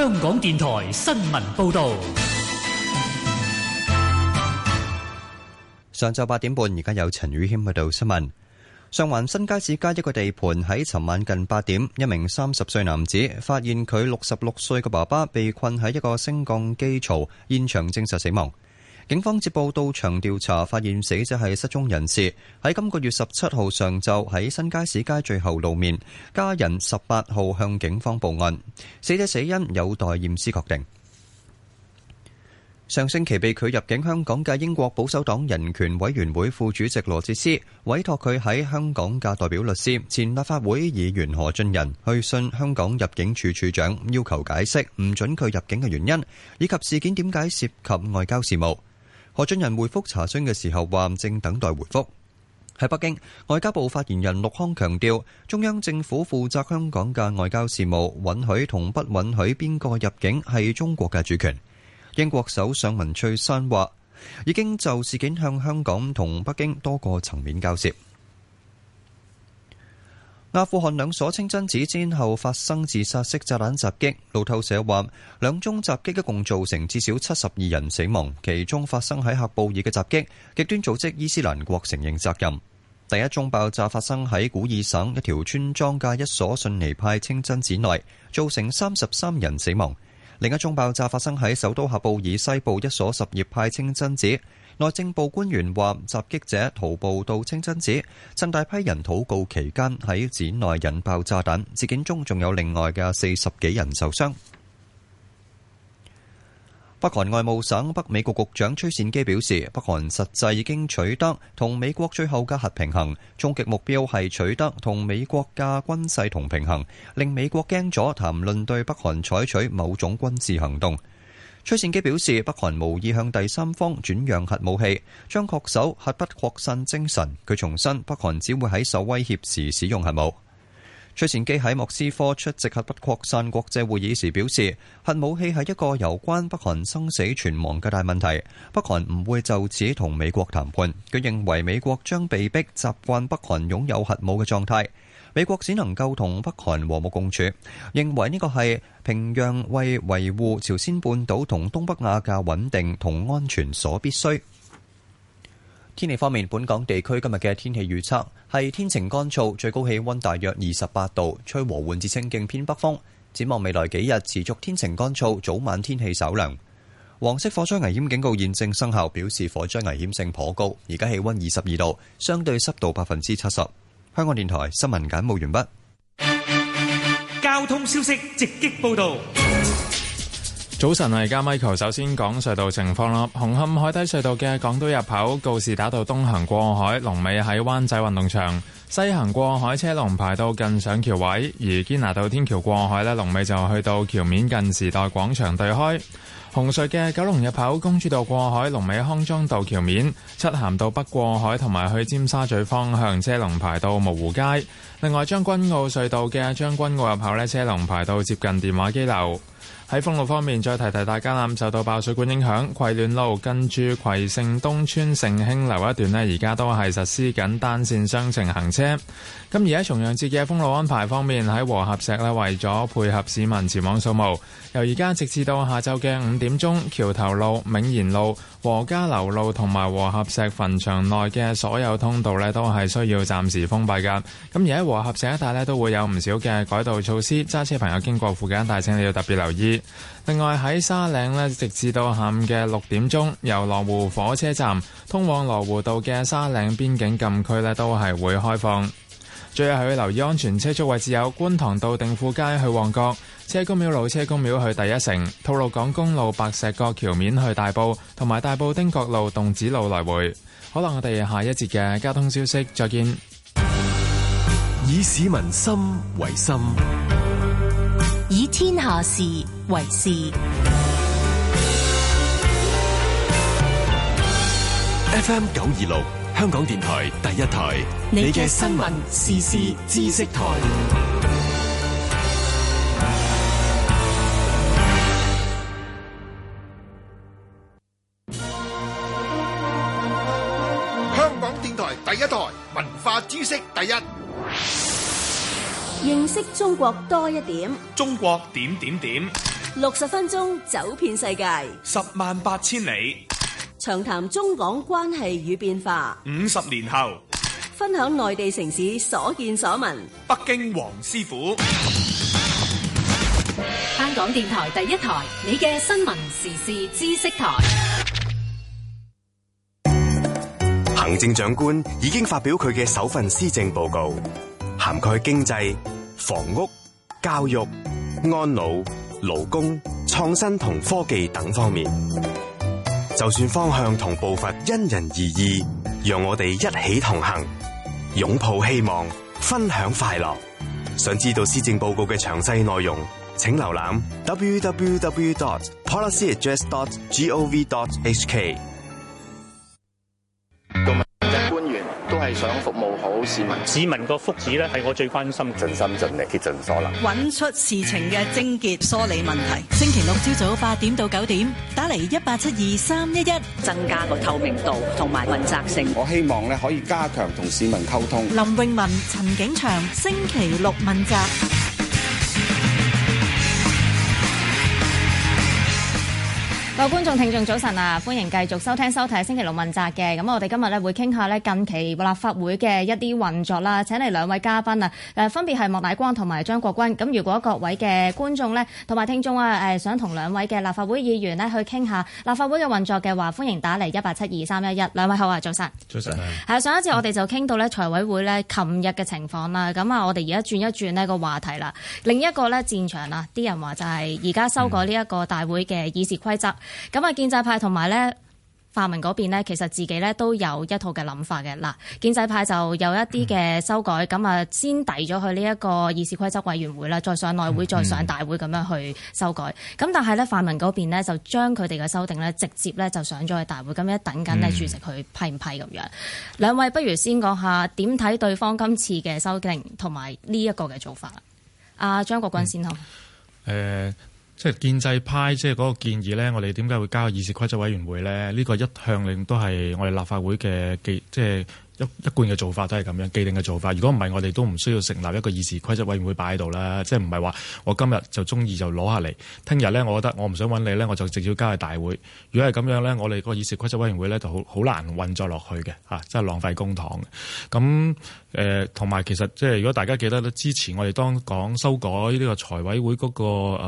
[SPEAKER 3] 香港電台新聞報道：
[SPEAKER 5] 上晝八點半，而家有陳宇謙去到新聞。上環新街市街一個地盤，喺尋晚近八點，一名三十歲男子發現佢六十六歲嘅爸爸被困喺一個升降機槽，現場證實死亡。警方接報到場調查，發現死者係失蹤人士，喺今個月當人回覆查詢嘅時候話，正等待回覆。阿富汗兩所清真寺先後發生自殺式炸彈襲擊，路透社話兩宗襲擊一共造成至少七十二人死亡，其中發生喺喀布爾嘅襲擊，極端組織伊斯蘭國承認責任。第一宗爆炸發生喺古爾省一條村莊嘅一所遜尼派清真寺內，造成三十三人死亡；另一宗爆炸發生喺首都喀布爾西部一所什葉派清真寺。內政部官員話：襲擊者徒步到清真寺，趁大批人禱告期間喺寺內引爆炸彈。事件中仲有另外嘅四十幾人受傷。北韓外務省北美局局長崔善基表示：北韓實際已經取得同美國最後嘅核平衡，終極目標係取得同美國嘅軍勢同平衡，令美國驚咗，談論對北韓採取某種軍事行動。崔善基表示，北韓無意向第三方轉讓核武器，將恪守核不擴散精神。佢重申，北韓只會喺受威脅時使用核武。崔善基喺莫斯科出席核不擴散國際會議時表示，核武器係一個有關北韓生死存亡嘅大問題。北韓唔會就此同美國談判。佢認為美國將被逼習慣北韓擁有核武嘅狀態。美國只能夠同北韓和睦共處，認為呢個係平壤為維護朝鮮半島同東北亞嘅穩定同安全所必須。天氣方面，本港地區今日嘅天氣預測係天晴乾燥，最高氣温大約二十八度，吹和緩至清勁偏北風。展望未來幾日持續天晴乾燥，早晚天氣稍涼。黃色火災危險警告現正生效，表示火災危險性頗高。而家氣温二十二度，相對濕度百分之七十。香港電台新聞簡報完畢。
[SPEAKER 8] 交通消息直擊報道。
[SPEAKER 5] 早晨係加 Michael，首先講
[SPEAKER 1] 隧道情況啦。紅磡海底隧道嘅港島入口告士打道東行過海，龍尾喺灣仔運動場；西行過海車龍排到近上橋位，而堅拿道天橋過海咧，龍尾就去到橋面近時代廣場對開。紅隧嘅九龍入口公主道過海，龍尾康莊道橋面，漆咸道北過海同埋去尖沙咀方向車龍排到蕪湖街。另外將軍澳隧道嘅將軍澳入口咧，車龍排到接近電話機樓。喺封路方面，再提提大家咁，受到爆水管影響，葵聯路跟住葵盛東村盛興樓一段呢，而家都係實施緊單線雙程行車。咁而喺重陽節嘅封路安排方面，喺和合石呢，為咗配合市民前往掃墓，由而家直至到下晝嘅五點鐘，橋頭路、銘賢路、和家樓路同埋和合石墳場內嘅所有通道呢，都係需要暫時封閉嘅。咁而喺和合石一帶呢，都會有唔少嘅改道措施，揸車朋友經過附近一帶，請大清你要特別留意。另外喺沙嶺呢，直至到下午嘅六點鐘，由羅湖火車站通往羅湖道嘅沙嶺邊境禁區呢，都係會開放。最後係要留意安全車速位置，有觀塘道、定富街去旺角。車公廟路、車公廟去第一城，吐露港公路白石角橋面去大埔，同埋大埔汀角路、洞子路來回。可能我哋下一節嘅交通消息再見。以市民心為心，
[SPEAKER 2] 以天下事為事。
[SPEAKER 5] F M 九二六，香港電台第一
[SPEAKER 3] 台，你嘅新聞、時事、知識台。知識第
[SPEAKER 1] 一，認識中國多一點。中國點點點，
[SPEAKER 2] 六十分鐘走遍世界，十萬八千里，長談中港關係與變化。
[SPEAKER 1] 五十年後，
[SPEAKER 2] 分享內地城市所見所聞。
[SPEAKER 1] 北京王師傅，
[SPEAKER 2] 香港電台第一台，你嘅新聞時事知識台。
[SPEAKER 1] 行政長官已經發表佢嘅首份施政報告，涵蓋經濟、房屋、教育、安老、勞工、創新同科技等方面。就算方向同步伐因人而異，讓我哋一起同行，擁抱希望，分享快樂。想知道施政報告嘅詳細內容，請瀏覽 www.policyaddress.gov.hk。
[SPEAKER 3] 我係想服務好市民，市民個福祉咧係我最關心，盡心盡力竭盡所能，揾
[SPEAKER 5] 出事情嘅症結，梳理問題。星期六朝早八點到九點，打嚟一八七二三一一，增加個透明度同埋問責性。
[SPEAKER 3] 我希望咧可以加強同市民溝通。
[SPEAKER 2] 林詠雯、陳景祥，星期六問責。各位觀眾、聽眾，早晨啊！歡迎繼續收聽、收睇《星期六問責》嘅。咁我哋今日咧會傾下咧近期立法會嘅一啲運作啦。請嚟兩位嘉賓啊，誒分別係莫乃光同埋張國鈞。咁如果各位嘅觀眾咧同埋聽眾啊，誒想同兩位嘅立法會議員呢去傾下立法會嘅運作嘅話，歡迎打嚟一八七二三一一。兩位好啊，早晨，早晨。係上一次我哋就傾到咧財委會咧，琴日嘅情況啦。咁啊，我哋而家轉一轉呢個話題啦。另一個咧戰場啊，啲人話就係而家修改呢一個大會嘅議事規則。咁啊，建制派同埋咧泛民嗰邊咧，其實自己咧都有一套嘅諗法嘅。嗱，建制派就有一啲嘅修改，咁啊、嗯、先遞咗去呢一個議事規則委員會啦，再上內會，再上大會咁樣去修改。咁、嗯、但係咧泛民嗰邊咧，就將佢哋嘅修訂咧直接咧就上咗去大會，咁樣等緊咧主席佢批唔批咁樣。兩、嗯、位不如先講下點睇對方今次嘅修訂同埋呢一個嘅做法。阿張國鈞先、嗯、好嗎。誒、
[SPEAKER 4] 呃。即係建制派，即係嗰個建議咧，我哋點解會交個議事規則委員會咧？呢個一向令都係我哋立法會嘅既即係一一貫嘅做，做法，都係咁樣既定嘅做法。如果唔係，我哋都唔需要成立一個議事規則委員會擺喺度啦。即係唔係話我今日就鍾意就攞下嚟，聽日咧，我覺得我唔想搵你咧，我就直接交去大會。如果係咁樣咧，我哋個議事規則委員會咧就好好難運作落去嘅，嚇、啊，真係浪費公帑咁。啊誒，同埋、呃、其實即係如果大家記得咧，之前我哋當講修改呢個財委會嗰個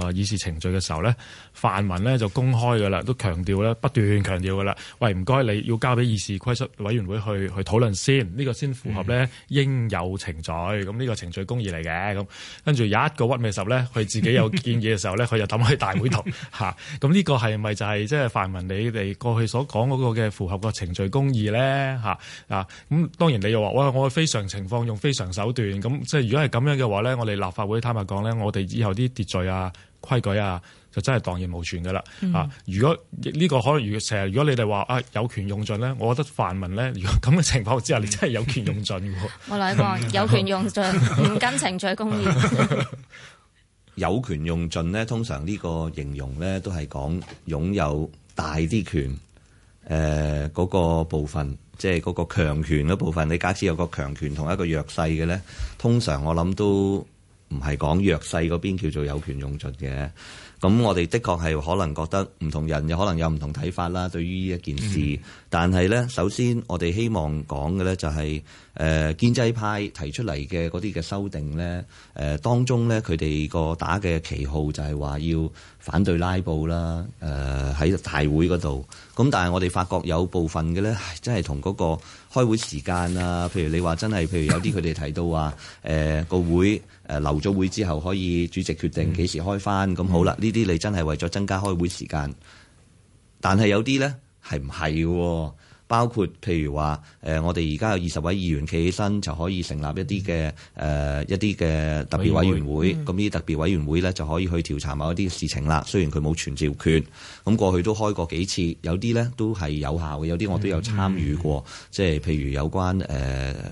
[SPEAKER 4] 誒議事程序嘅時候咧，泛民咧就公開嘅啦，都強調咧不斷強調嘅啦。喂，唔該，你要交俾議事規則委員會去去討論先，呢、這個先符合咧應有程序。咁、這、呢個程序公義嚟嘅。咁跟住有一個屈咩十咧，佢自己有建議嘅時候咧，佢 就抌喺大會頭嚇。咁、啊、呢、這個係咪就係即係泛民你哋過去所講嗰、那個嘅符合個程序公義咧嚇？啊，咁、啊、當然你又話喂，我非常。情況用非常手段，咁即係如果係咁樣嘅話咧，我哋立法會坦白講咧，我哋以後啲秩序啊、規矩啊，就真係蕩然無存噶啦。啊、嗯，如果呢、這個可能，如果成日如果你哋話啊有權用盡咧，我覺得泛民咧，如果咁嘅情況之下，你真係有權用
[SPEAKER 7] 盡。 我嚟過，有權用盡
[SPEAKER 2] 唔跟程序公義。
[SPEAKER 7] 有權用盡咧，通常呢個形容咧，都係講擁有大啲權誒嗰個部分。即係嗰個強權嗰部分，你假設有個強權同一個弱勢嘅呢，通常我諗都唔係講弱勢嗰邊叫做有權用盡嘅。咁我哋的確係可能覺得唔同人有可能有唔同睇法啦，對於呢一件事。嗯。但係呢，首先我哋希望講嘅呢就係、是。誒、呃、建制派提出嚟嘅嗰啲嘅修訂咧，誒、呃、當中咧佢哋個打嘅旗號就係話要反對拉布啦，誒、呃、喺大會嗰度。咁但係我哋發覺有部分嘅咧，真係同嗰個開會時間啊，譬如你話真係譬如有啲佢哋提到話誒個會誒、呃、留咗會之後可以主席決定幾時開翻，咁、嗯、好啦。呢啲你真係為咗增加開會時間，但係有啲咧係唔係喎？是包括譬如話，誒、呃、我哋而家有二十位議員企起身就可以成立一啲嘅誒一啲嘅特別委員會，咁呢啲特別委員會呢就可以去調查某一啲事情啦。雖然佢冇傳召權，咁過去都開過幾次，有啲呢都係有效嘅，有啲我都有參與過，即係、嗯嗯、譬如有關誒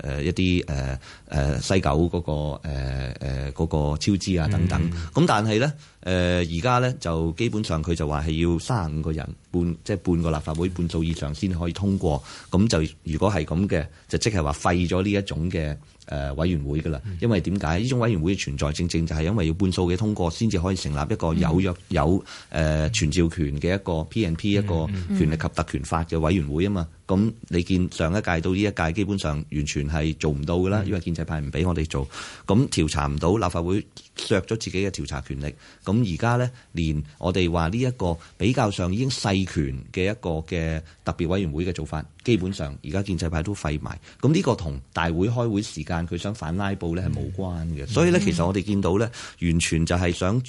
[SPEAKER 7] 誒一啲誒誒西九嗰、嗰個誒誒、呃呃嗰個、超支啊等等，咁、嗯嗯、但係呢，誒而家咧就基本上佢就話係要三十五個人，半即係、就是、半個立法會、嗯、半數以上先可以通過，咁就如果係咁嘅，就即係話廢咗呢一種嘅誒、呃、委員會㗎喇。因為點解呢種委員會存在，正正就係因為要半數嘅通過先至可以成立一個有約有誒、呃嗯、傳召權嘅一個 P&P、嗯嗯、一個權力及特權法嘅委員會啊嘛。咁、嗯、你見上一屆到呢一屆，基本上完全係做唔到噶啦，嗯、因為建制派唔俾我哋做，咁調查唔到，立法會削咗自己嘅調查權力。咁而家呢，連我哋話呢一個比較上已經勢權嘅一個嘅特別委員會嘅做法，基本上而家建制派都廢埋。咁呢個同大會開會時間佢想反拉布呢係冇關嘅。嗯、所以呢，其實我哋見到呢，完全就係想，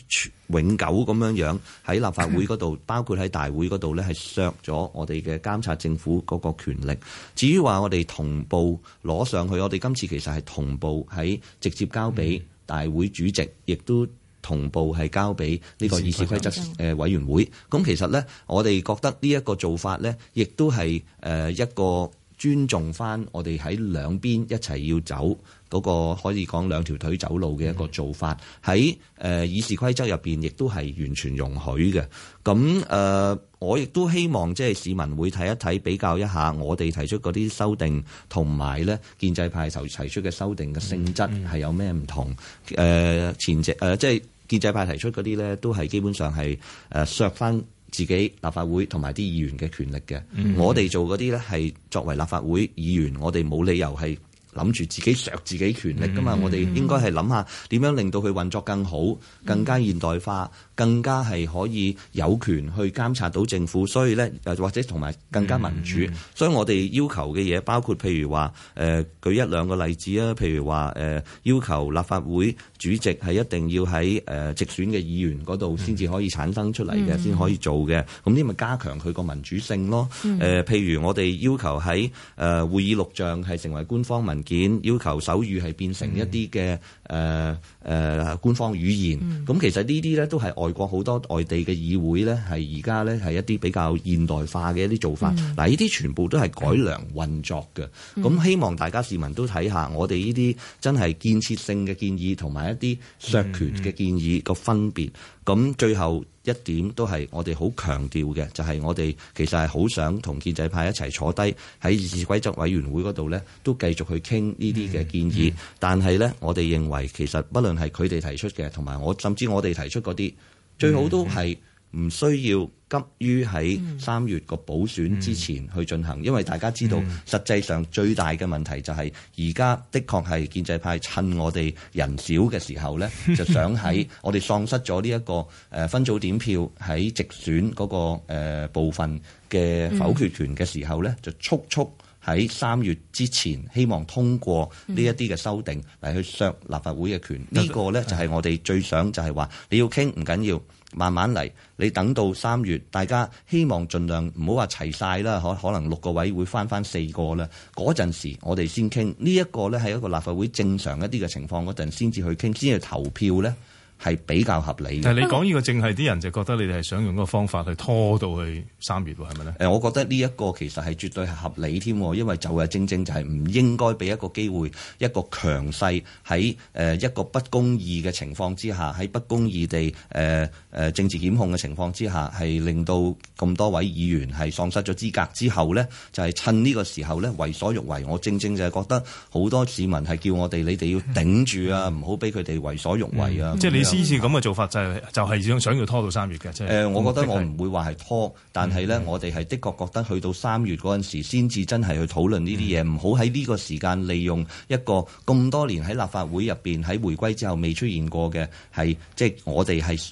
[SPEAKER 7] 永久咁樣樣喺立法會嗰度，包括喺大會嗰度呢係削咗我哋嘅監察政府嗰個權力。至於話我哋同步攞上去，我哋今次其實係同步喺直接交俾大會主席，亦都同步係交俾呢個議事規則誒委員會。咁其實呢，我哋覺得呢一個做法呢，亦都係誒一個尊重返我哋喺兩邊一齊要走。嗰個可以講兩條腿走路嘅一個做法，喺誒議事規則入邊亦都係完全容許嘅。咁誒、呃，我亦都希望即係市民會睇一睇，比較一下我哋提出嗰啲修訂，同埋咧建制派就提出嘅修訂嘅性質係有咩唔同。誒前者，誒，即係建制派提出嗰啲咧，mm hmm. 呃呃、都係基本上係誒削翻自己立法會同埋啲議員嘅權力嘅。Mm hmm. 我哋做嗰啲咧係作為立法會議員，我哋冇理由係，諗住自己削自己權力㗎嘛？嗯、我哋應該係諗下點樣令到佢運作更好、更加現代化、更加係可以有權去監察到政府。所以咧，誒或者同埋更加民主。嗯嗯、所以我哋要求嘅嘢包括，譬如話誒、呃，舉一兩個例子啊，譬如話誒、呃，要求立法會主席係一定要喺誒、呃、直選嘅議員嗰度先至可以產生出嚟嘅，先、嗯、可以做嘅。咁呢咪加強佢個民主性咯？誒、呃，譬如我哋要求喺誒、呃、會議錄像係成為官方民件，要求手語係變成一啲嘅誒誒官方語言，咁、嗯、其實呢啲咧都係外國好多外地嘅議會咧，係而家咧係一啲比較現代化嘅一啲做法。嗱、嗯，呢啲全部都係改良運作嘅，咁、嗯、希望大家市民都睇下我哋呢啲真係建設性嘅建議，同埋一啲削權嘅建議個分別。嗯嗯咁最後一點都係我哋好強調嘅，就係、是、我哋其實係好想同建制派一齊坐低喺議事規則委員會嗰度呢都繼續去傾呢啲嘅建議。Mm hmm. 但係呢，我哋認為其實，不論係佢哋提出嘅，同埋我甚至我哋提出嗰啲，最好都係，唔需要急於喺三月個補選之前去進行，因為大家知道，實際上最大嘅問題就係而家的確係建制派趁我哋人少嘅時候咧，就想喺我哋喪失咗呢一個誒分組點票喺直選嗰個誒部分嘅否決權嘅時候咧，就速速喺三月之前希望通過呢一啲嘅修訂嚟，去削立法會嘅權。呢個咧就係我哋最想就係話，你要傾唔緊要。慢慢嚟，你等到三月，大家希望盡量唔好話齊晒啦，可可能六個位會翻翻四個啦。嗰陣時我哋先傾呢一個咧係一個立法會正常一啲嘅情況，嗰陣先至去傾先至投票咧。係比較合理嘅。但係你講
[SPEAKER 6] 呢個正係啲人就覺得你哋係想用個方法去拖到去三月喎，係咪咧？
[SPEAKER 7] 誒、呃，我覺得呢一個其實係絕對係合理添，因為就係正正就係唔應該俾一個機會一個強勢喺誒、呃、一個不公義嘅情況之下，喺不公義地誒誒政治檢控嘅情況之下，係令到咁多位議員係喪失咗資格之後咧，就係、是、趁呢個時候咧為所欲為。我正正就係覺得好多市民係叫我哋你哋要頂住啊，唔好俾佢哋為所欲為啊。嗯、即係你。呢
[SPEAKER 6] 次咁嘅做法就係就係想想要拖到三月嘅，即、就、係、是。誒、呃，我覺得我唔
[SPEAKER 7] 會話係拖，嗯、但係咧，嗯、我哋係的確覺得去到三月嗰陣時，先至真係去討論呢啲嘢，唔好喺呢個時間利用一個咁多年喺立法會入邊喺回歸之後未出現過嘅，係即係我哋係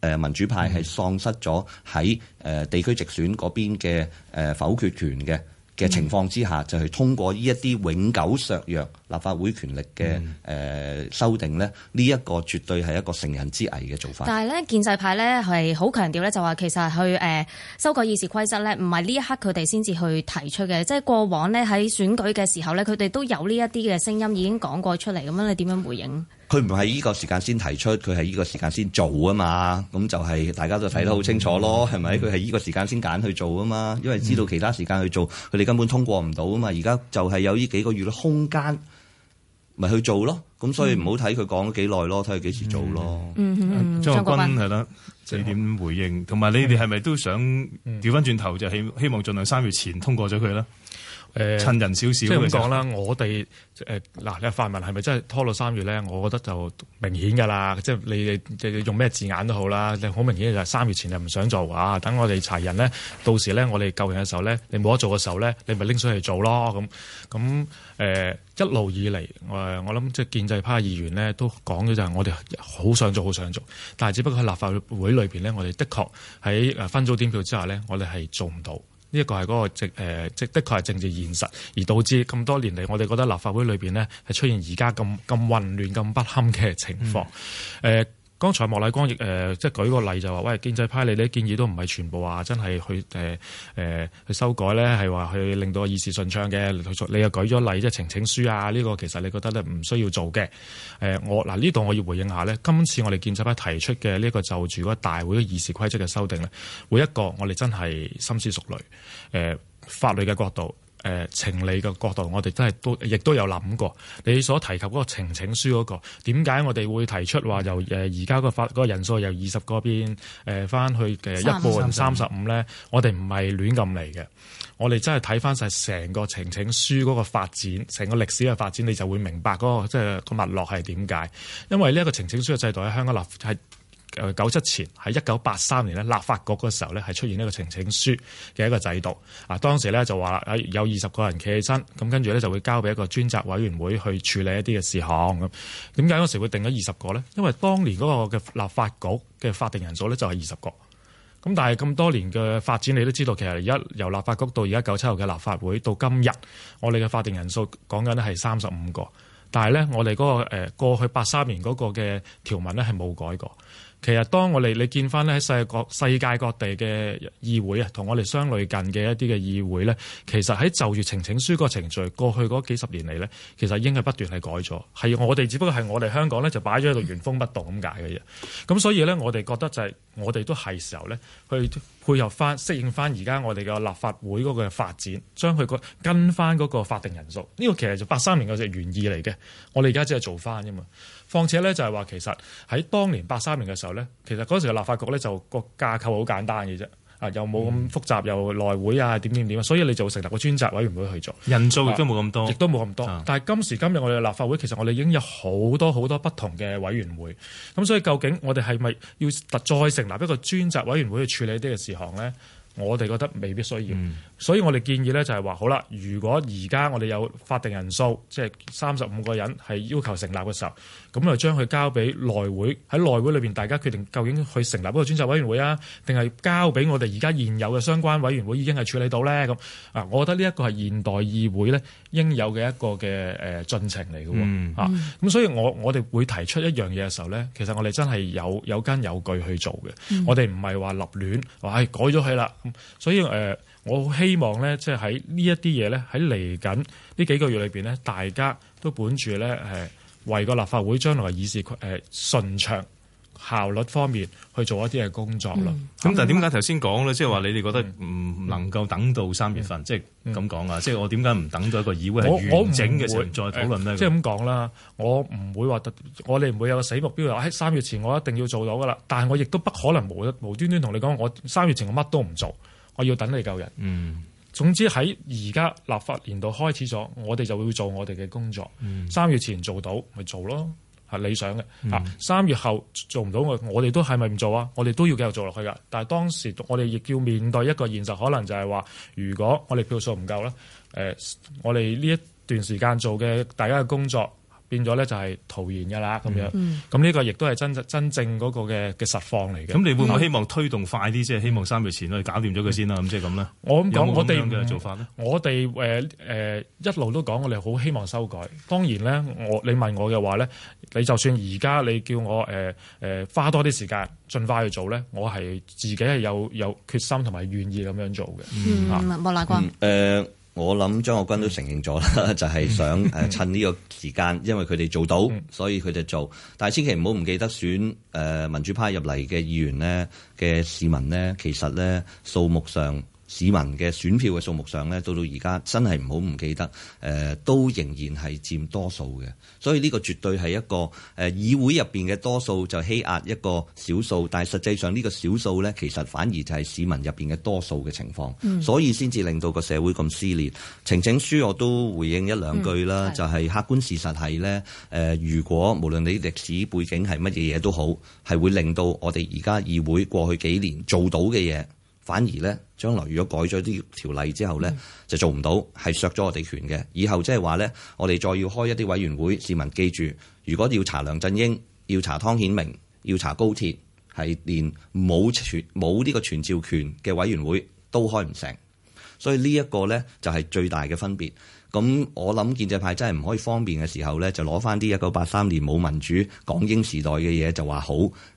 [SPEAKER 7] 誒民主派係喪失咗喺誒地區直選嗰邊嘅誒否決權嘅。嘅情況之下，就係通過呢一啲永久削弱立法會權力嘅誒、嗯呃、修訂呢，呢、這、一個絕對係一個乘人之危嘅做法。但
[SPEAKER 2] 係呢，建制派呢係好強調呢，就話其實去誒、呃、修改議事規則呢，唔係呢一刻佢哋先至去提出嘅，即係過往呢喺選舉嘅時候呢，佢哋都有呢一啲嘅聲音已經講過出嚟咁樣，你點樣回應？
[SPEAKER 7] 佢唔係依個時間先提出，佢係依個時間先做啊嘛，咁就係大家都睇得好清楚咯，係咪、嗯？佢係依個時間先揀去做啊嘛，因為知道其他時間去做，佢哋根本通過唔到啊嘛。而家就係有呢幾個月嘅空間，咪去做咯。咁所以唔好睇佢講咗幾耐咯，睇佢幾時做咯。嗯嗯，張、嗯嗯、國鈞係啦，即係點回應？同埋的你哋係咪都想調翻轉頭就希
[SPEAKER 4] 希望盡量三月前通過咗佢咧？誒、呃、趁人少少，即係點講啦。我哋誒嗱，你泛民係咪真係拖到三月咧？我覺得就明顯㗎啦。即係你哋用咩字眼都好啦，你好明顯就係三月前就唔想做啊！等我哋查人咧，到時咧我哋救人嘅時候咧，你冇得做嘅時候咧，你咪拎出去做咯。咁咁誒一路以嚟誒，我諗即係建制派議員咧都講咗就係我哋好想做，好想做，但係只不過喺立法會裏邊咧，我哋的確喺分組點票之下咧，我哋係做唔到。呢一個係嗰、那個政誒、呃、的確係政治現實，而導致咁多年嚟，我哋覺得立法會裏邊呢係出現而家咁咁混亂、咁不堪嘅情況。誒、嗯。呃剛才莫乃光亦誒，即、呃、係舉個例就話，喂、呃，建制派你啲建議都唔係全部話、啊、真係去誒誒、呃呃、去修改咧，係話去令到議事順暢嘅。你又舉咗例，即係呈請書啊，呢、呃這個其實你覺得咧唔需要做嘅。誒、呃，我嗱呢度我要回應下咧，今次我哋建制派提出嘅呢個就住嗰個大會嘅議事規則嘅修訂咧，每一個我哋真係深思熟慮，誒、呃、法律嘅角度。誒、呃、情理嘅角度，我哋都係都亦都有諗過。你所提及嗰個呈請書嗰個點解我哋會提出話由誒而家個法嗰個人數由二十個變誒翻去誒一半三十五咧？我哋唔係亂咁嚟嘅，我哋真係睇翻晒成個呈請書嗰個發展，成個歷史嘅發展，你就會明白嗰個即係個脈絡係點解。因為呢一個呈請書嘅制度喺香港立係。誒九七前喺一九八三年咧，立法局嗰個時候咧，係出現呢個呈請書嘅一個制度啊。當時咧就話啦，有二十個人企起身，咁跟住咧就會交俾一個專責委員會去處理一啲嘅事項咁。點解嗰時會定咗二十個呢？因為當年嗰個嘅立法局嘅法定人數咧就係二十個咁，但係咁多年嘅發展，你都知道其實而家由立法局到而家九七後嘅立法會到今日，我哋嘅法定人數講緊咧係三十五個，但係咧我哋嗰、嗰個誒過去八三年嗰個嘅條文呢，係冇改過。其實當我哋你見翻咧喺世國世界各地嘅議會啊，同我哋相類近嘅一啲嘅議會咧，其實喺就住呈請書個程序過去嗰幾十年嚟咧，其實已經係不斷係改咗，係我哋只不過係我哋香港咧就擺咗喺度原封不動咁解嘅啫。咁所以咧，我哋覺得就係、是、我哋都係時候咧去配合翻、適應翻而家我哋嘅立法會嗰個發展，將佢個跟翻嗰個法定人數。呢、這個其實就八三年嘅就原意嚟嘅。我哋而家只係做翻啫嘛。況且咧，就係話其實喺當年八三年嘅時候咧，其實嗰陣時嘅立法局咧就個架構好簡單嘅啫，啊又冇咁複雜，又內會啊點點點，所以你就成立個專責委員會去做人數亦都冇咁多，亦都冇咁多。但係今時今日我哋嘅立法會其實我哋已經有好多好多不同嘅委員會，咁所以究竟我哋係咪要特再成立一個專責委員會去處理啲嘅事項咧？我哋覺得未必需要。嗯所以我哋建議咧就係話好啦，如果而家我哋有法定人數，即係三十五個人係要求成立嘅時候，咁就將佢交俾內會，喺內會裏邊，大家決定究竟去成立嗰個專責委員會啊，定係交俾我哋而家現有嘅相關委員會已經係處理到咧咁啊！我覺得呢一個係現代議會咧應有嘅一個嘅誒進程嚟嘅喎啊！咁、嗯、所以我我哋會提出一樣嘢嘅時候咧，其實我哋真係有有根有據去做嘅，嗯、我哋唔係話立亂，話、哎、係改咗佢啦，所以誒。呃我好希望咧，即係喺呢一啲嘢咧，喺嚟緊呢幾個月裏邊咧，大家都本住咧，誒，為個立法會將來嘅議事誒順暢效率方面去做一啲嘅工作囉。咁、嗯、樣但係點解頭先講咧，即係話你哋覺得唔能夠
[SPEAKER 6] 等到三月份，即係咁講啊？即係、嗯、我點解唔等到一個議會係完整嘅時候再討論咧、這個？即係咁
[SPEAKER 4] 講啦，我唔會話特，我哋唔會有個死目標，話喺三月前我一定要做到噶啦。但係我亦都不可能無無端端同你講，我三月前我乜都唔做。我要等你救人。嗯，總之喺而家立法年度開始咗，我哋就會做我哋嘅工作。嗯、三月前做到咪做咯，係理想嘅。啊、嗯，三月後做唔到我，我哋都係咪唔做啊？我哋都要繼續做落去噶。但係當時我哋亦要面對一個現實，可能就係話，如果我哋票數唔夠咧，誒、呃，我哋呢一段時間做嘅大家嘅工作。變咗咧就係徒然嘅啦，咁、嗯、樣。咁呢個亦都係真真正嗰個嘅嘅實況嚟嘅。咁、嗯、你會唔會希望推動快啲，即係、嗯、希望三月前去搞掂咗佢先啦。咁即係咁啦。我咁講，呃、我哋我哋誒誒一路都講，我哋好希望修改。當然咧，我你問我嘅話咧，你就算而家你叫我誒誒、呃呃、花多啲時間，儘快去做咧，我係自己係有有決心同埋願意咁樣做嘅。
[SPEAKER 2] 莫乃光。
[SPEAKER 7] 我諗張國鈞都承認咗啦， 就係想誒趁呢個時間，因為佢哋做到，所以佢哋做。但係千祈唔好唔記得選誒民主派入嚟嘅議員咧嘅市民咧，其實咧數目上。市民嘅選票嘅數目上咧，到到而家真係唔好唔記得，誒、呃、都仍然係佔多數嘅，所以呢個絕對係一個誒、呃、議會入邊嘅多數就欺壓一個少數，但係實際上個呢個少數咧，其實反而就係市民入邊嘅多數嘅情況，嗯、所以先至令到個社會咁撕裂。呈請書我都回應一兩句啦，嗯、就係客觀事實係咧，誒、呃、如果無論你歷史背景係乜嘢嘢都好，係會令到我哋而家議會過去幾年做到嘅嘢。反而咧，將來如果改咗啲條例之後咧，就做唔到，係削咗我哋權嘅。以後即係話咧，我哋再要開一啲委員會，市民記住，如果要查梁振英、要查湯顯明、要查高鐵，係連冇傳冇呢個傳召權嘅委員會都開唔成。所以呢一個咧就係、是、最大嘅分別。咁我諗建制派真係唔可以方便嘅時候咧，就攞翻啲一九八三年冇民主港英時代嘅嘢就話好。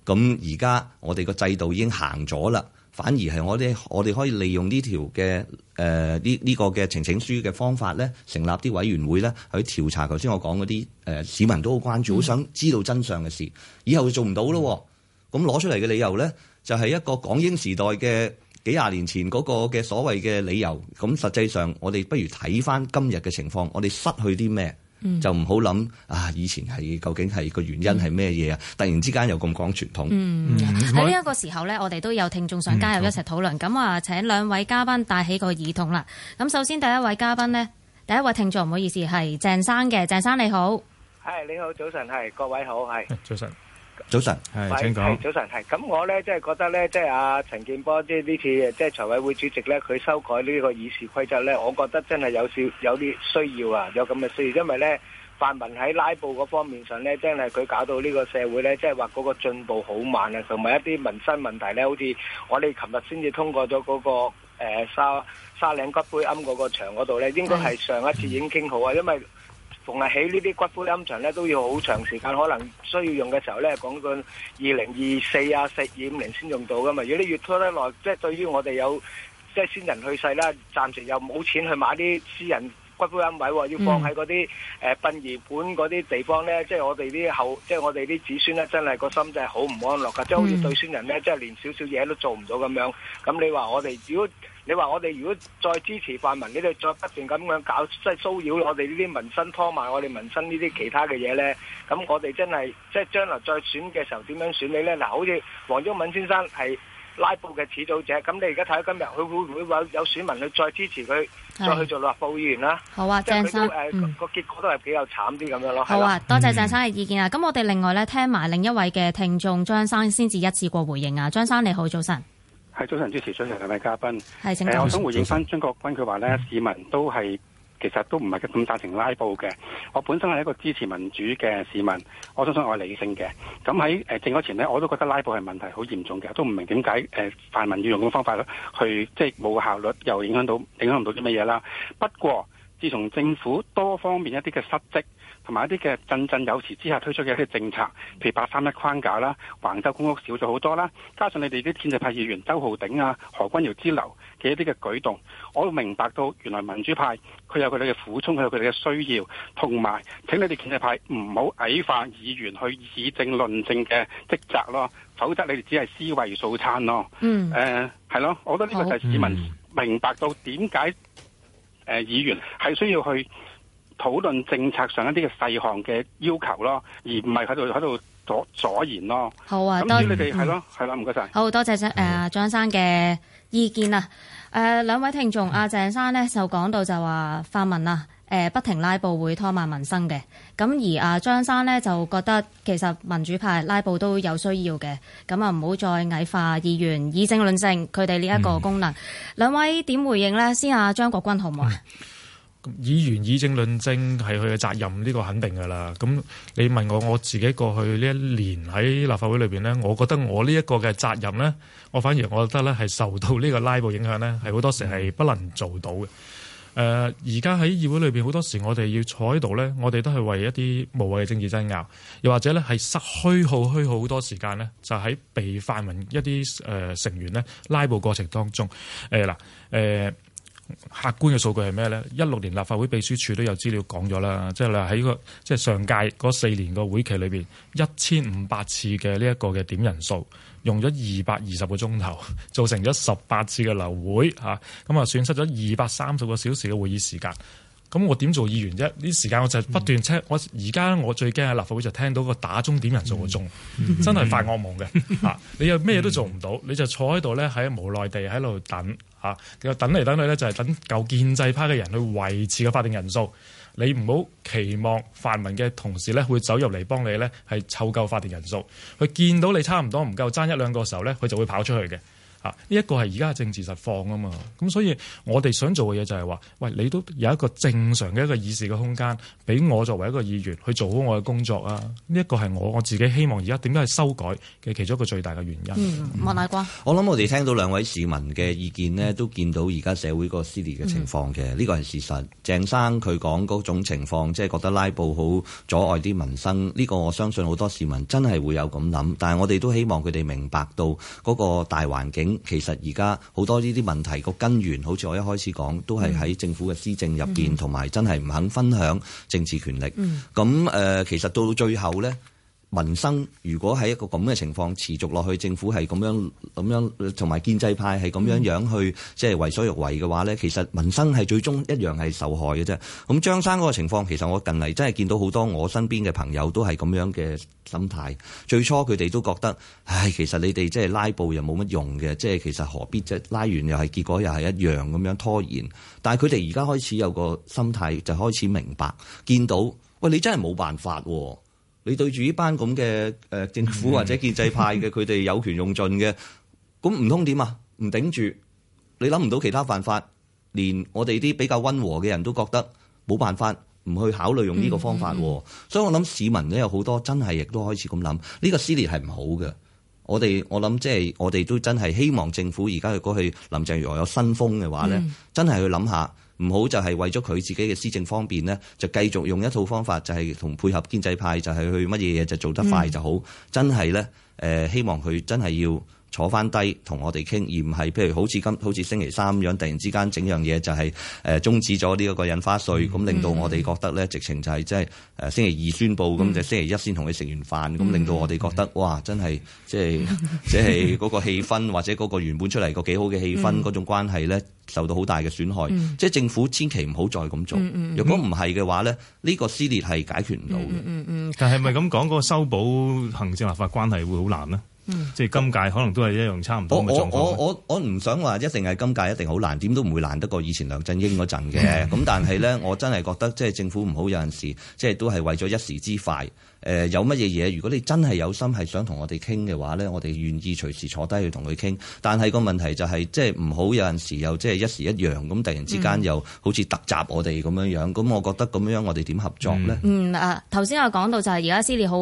[SPEAKER 7] 咁而家我哋個制度已經行咗啦。反而係我哋，我哋可以利用呢條嘅誒呢呢個嘅呈請書嘅方法咧，成立啲委員會咧去調查。頭先我講嗰啲誒市民都好關注，好想知道真相嘅事。以後就做唔到咯，咁攞、嗯嗯、出嚟嘅理由咧，就係一個港英時代嘅幾廿年前嗰個嘅所謂嘅理由。咁實際上我看看，我哋不如睇翻今日嘅情況，我哋失去啲咩？就唔好諗啊！以前係究竟係個原因係咩嘢啊？突然之間又咁講傳統。嗯，
[SPEAKER 8] 喺呢一
[SPEAKER 2] 個時候呢，我哋都有聽眾想加入一齊討論。咁話、嗯、請兩位嘉賓帶起個耳筒啦。咁首先第一位嘉賓呢，第一位聽眾唔好意思，係鄭生嘅。鄭生你
[SPEAKER 7] 好，
[SPEAKER 8] 係你好，早晨，係各位好，係早晨。早晨，是請講講。早晨，咁我咧即係覺得咧、啊，即係阿陳健波即係呢次即係財委會主席咧，佢修改呢個議事規則咧，我覺得真係有少有啲需要啊，有咁嘅需要，因為咧泛民喺拉布嗰方面上咧，真係佢搞到呢個社會咧，即係話嗰個進步好慢啊，同埋一啲民生問題咧，好似我哋琴日先至通過咗嗰、嗰個、呃、沙沙嶺骨灰龕嗰個場嗰度咧，應該係上一次已經傾好啊，因為。逢係起呢啲骨灰龕場咧，都要好長時間，可能需要用嘅時候咧，講到二零二四啊，四二五年先用到噶嘛。如果你越拖得耐，即係對於我哋有即係先人去世啦，暫時又冇錢去買啲私人骨灰龕位，哦，要放喺嗰啲誒殯儀館嗰啲地方咧，即係我哋啲後，即係我哋啲子孫咧，真係個心就係、嗯、好唔安樂噶，即係好似對先人咧，即係連少少嘢都做唔到咁樣。咁你話我哋如果你話我哋如果再支持泛民，你哋再不斷咁樣搞即係騷擾我哋呢啲民生，拖埋我哋民生呢啲其他嘅嘢咧，咁我哋真係即係將來再選嘅時候點樣選你咧？嗱，好似黃忠敏先生係拉布嘅始祖者，咁你而家睇到今日，佢會唔會話有選民去再支持佢，是再去做立法會議員咧？好啊，鄭生，個、呃嗯、結果都係比較慘啲咁樣咯。好啊，啦多謝鄭生
[SPEAKER 2] 嘅意見啊。咁我哋另外咧聽埋另一位嘅聽眾張生先至一次過回應啊。張生你好，早晨。
[SPEAKER 3] 係早上支持，早上兩位嘉賓，係請、呃、我想回應翻張國鈞佢話咧，市民都係其實都唔係咁贊成拉布嘅。我本身係一個支持民主嘅市民，我相信我係理性嘅。咁喺誒政改前咧，我都覺得拉布係問題好嚴重嘅，都唔明點解誒泛民要用咁方法去即係冇效率，又影響到影響唔到啲乜嘢啦。不過，自從政府多方面一啲嘅失職，同埋一啲嘅振振有詞之下推出嘅一啲政策，譬如八三一框架啦、橫洲公屋少咗好多啦，加上你哋啲建制派議員周浩鼎啊、何君堯之流嘅一啲嘅舉動，我都明白到原來民主派佢有佢哋嘅苦衷，佢有佢哋嘅需要，同埋請你哋建制派唔好矮化議員去以政論政嘅職責咯，否則你哋只係思維素餐咯。嗯，誒，係咯，我覺得呢個就係市民明白到點解。誒、呃，議員係需要去討論政策上一啲嘅細項嘅要求咯，而唔係喺度喺度阻阻言咯。好啊，多謝你哋係咯，係啦，唔該晒。
[SPEAKER 2] 好多謝誒、嗯呃、張生嘅意見啊！誒、呃、兩位聽眾，阿、呃、鄭生咧就講到就話泛民啊。誒不停拉布會拖慢民生嘅，咁而阿張生呢，就覺得其實民主派拉布都有需要嘅，咁啊唔好再矮化議員以政論政佢哋呢一個功能。嗯、兩位點回應呢？先啊張國鈞好唔好、嗯？
[SPEAKER 4] 議員以政論政係佢嘅責任，呢、呢個肯定㗎啦。咁你問我，我自己過去呢一年喺立法會裏邊呢，我覺得我呢一個嘅責任呢，我反而我覺得呢係受到呢個拉布影響呢，係好多時係不能做到嘅。誒而家喺議會裏邊好多時我，我哋要坐喺度咧，我哋都係為一啲無謂嘅政治爭拗，又或者咧係失虛耗虛耗好多時間咧，就喺、是、被泛民一啲誒、呃、成員咧拉布過程當中誒嗱誒，客觀嘅數據係咩咧？一六年立法會秘書處都有資料講咗啦，即係你話喺個即係、就是、上屆嗰四年個會期裏邊一千五百次嘅呢一個嘅點人數。用咗二百二十個鐘頭，造成咗十八次嘅流會嚇，咁啊損失咗二百三十個小時嘅會議時間。咁我點做議員啫？呢時間我就不斷聽，嗯、我而家我最驚喺立法會就聽到個打鐘點人數個鐘，
[SPEAKER 6] 嗯、真係快
[SPEAKER 4] 惡夢嘅嚇、嗯啊。你又咩都做唔到，嗯、你就坐喺度咧，喺無奈地喺度等嚇。又、啊、等嚟等去咧，就係等舊建制派嘅人去維持個法定人數。你唔好期望泛民嘅同事咧，會走入嚟幫你咧，係湊夠法定人數。佢見到你差唔多唔夠爭一兩個時候咧，佢就會跑出去嘅。啊！呢一個係而家嘅政治實況啊嘛，咁、嗯、所以我哋想做嘅嘢就係話，喂，你都有一個正常嘅一個議事嘅空間，俾我作為一個議員
[SPEAKER 7] 去做好我嘅工作啊！呢一個係我我自己希望而家點解去修改嘅其中一個最大嘅原因。嗯、
[SPEAKER 2] 莫乃光，
[SPEAKER 7] 我諗我哋聽到兩位市民嘅意見呢，都見到而家社會個撕裂嘅情況嘅，呢個係事實。鄭生佢講嗰種情況，即、就、係、是、覺得拉布好阻礙啲民生，呢、這個我相信好多市民真係會有咁諗。但係我哋都希望佢哋明白到嗰個大環境。其實而家好多呢啲問題個根源，好似我一開始講都係喺政府嘅施政入邊，同埋、嗯、真係唔肯分享政治權力。咁誒、嗯，其實到最後咧。民生如果喺一個咁嘅情況持續落去，政府係咁樣，咁樣，同埋建制派係咁樣樣去，即係為所欲為嘅話咧，其實民生係最終一樣係受害嘅啫。咁張生嗰個情況，其實我近嚟真係見到好多我身邊嘅朋友都係咁樣嘅心態。最初佢哋都覺得，唉，其實你哋即係拉布又冇乜用嘅，即係其實何必即係拉完又係結果又係一樣咁樣拖延。但係佢哋而家開始有個心態就開始明白，見到喂，你真係冇辦法啊你對住呢班咁嘅誒政府或者建制派嘅，佢哋、嗯、有權用盡嘅，咁唔通點啊？唔頂住，你諗唔到其他辦法，連我哋啲比較溫和嘅人都覺得冇辦法，唔去考慮用呢個方法喎。嗯嗯、所以我諗市民都有好多真係亦都開始咁諗，呢、呢個撕裂係唔好嘅。我哋我諗即係我哋都真係希望政府而家如果去林鄭月娥有新風嘅話咧，嗯、真係去諗下。唔好就係為咗佢自己嘅施政方便咧，就繼續用一套方法，就係同配合建制派，就係去乜嘢嘢就做得快就好。嗯、真係咧，誒希望佢真係要。坐翻低同我哋傾，而唔係譬如好似今好似星期三咁樣，突然之間整樣嘢就係誒中止咗呢一個印花稅，咁令到我哋覺得咧，直情就係即係誒星期二宣佈，咁就星期一先同佢食完飯，咁令到我哋覺得哇，真係即係即係嗰個氣氛，或者嗰個原本出嚟個幾好嘅氣氛，嗰種關係咧受到好大嘅損害。即係政府千祈唔好再咁做。如果唔係嘅話咧，呢個撕裂係解決唔
[SPEAKER 6] 到嘅。但係
[SPEAKER 7] 咪咁講？嗰個修補行政立法關係會好難呢？即係今
[SPEAKER 6] 屆可能都係一樣差唔多嘅狀況。我
[SPEAKER 7] 我我唔想話一定係今屆一定好難，點都唔會難得過以前梁振英嗰陣嘅。咁 但係咧，我真係覺得即係政府唔好，有陣時即係都係為咗一時之快。誒、呃、有乜嘢嘢？如果你真係有心係想同我哋傾嘅話呢，我哋願意隨時坐低去同佢傾。但係個問題就係、是，即係唔好有陣時又即係一時一樣，咁突然之間又好似突襲我哋咁樣樣。咁我覺得咁樣樣我哋點合作呢？嗯，嗯啊，
[SPEAKER 2] 頭先我講到就係而家撕裂好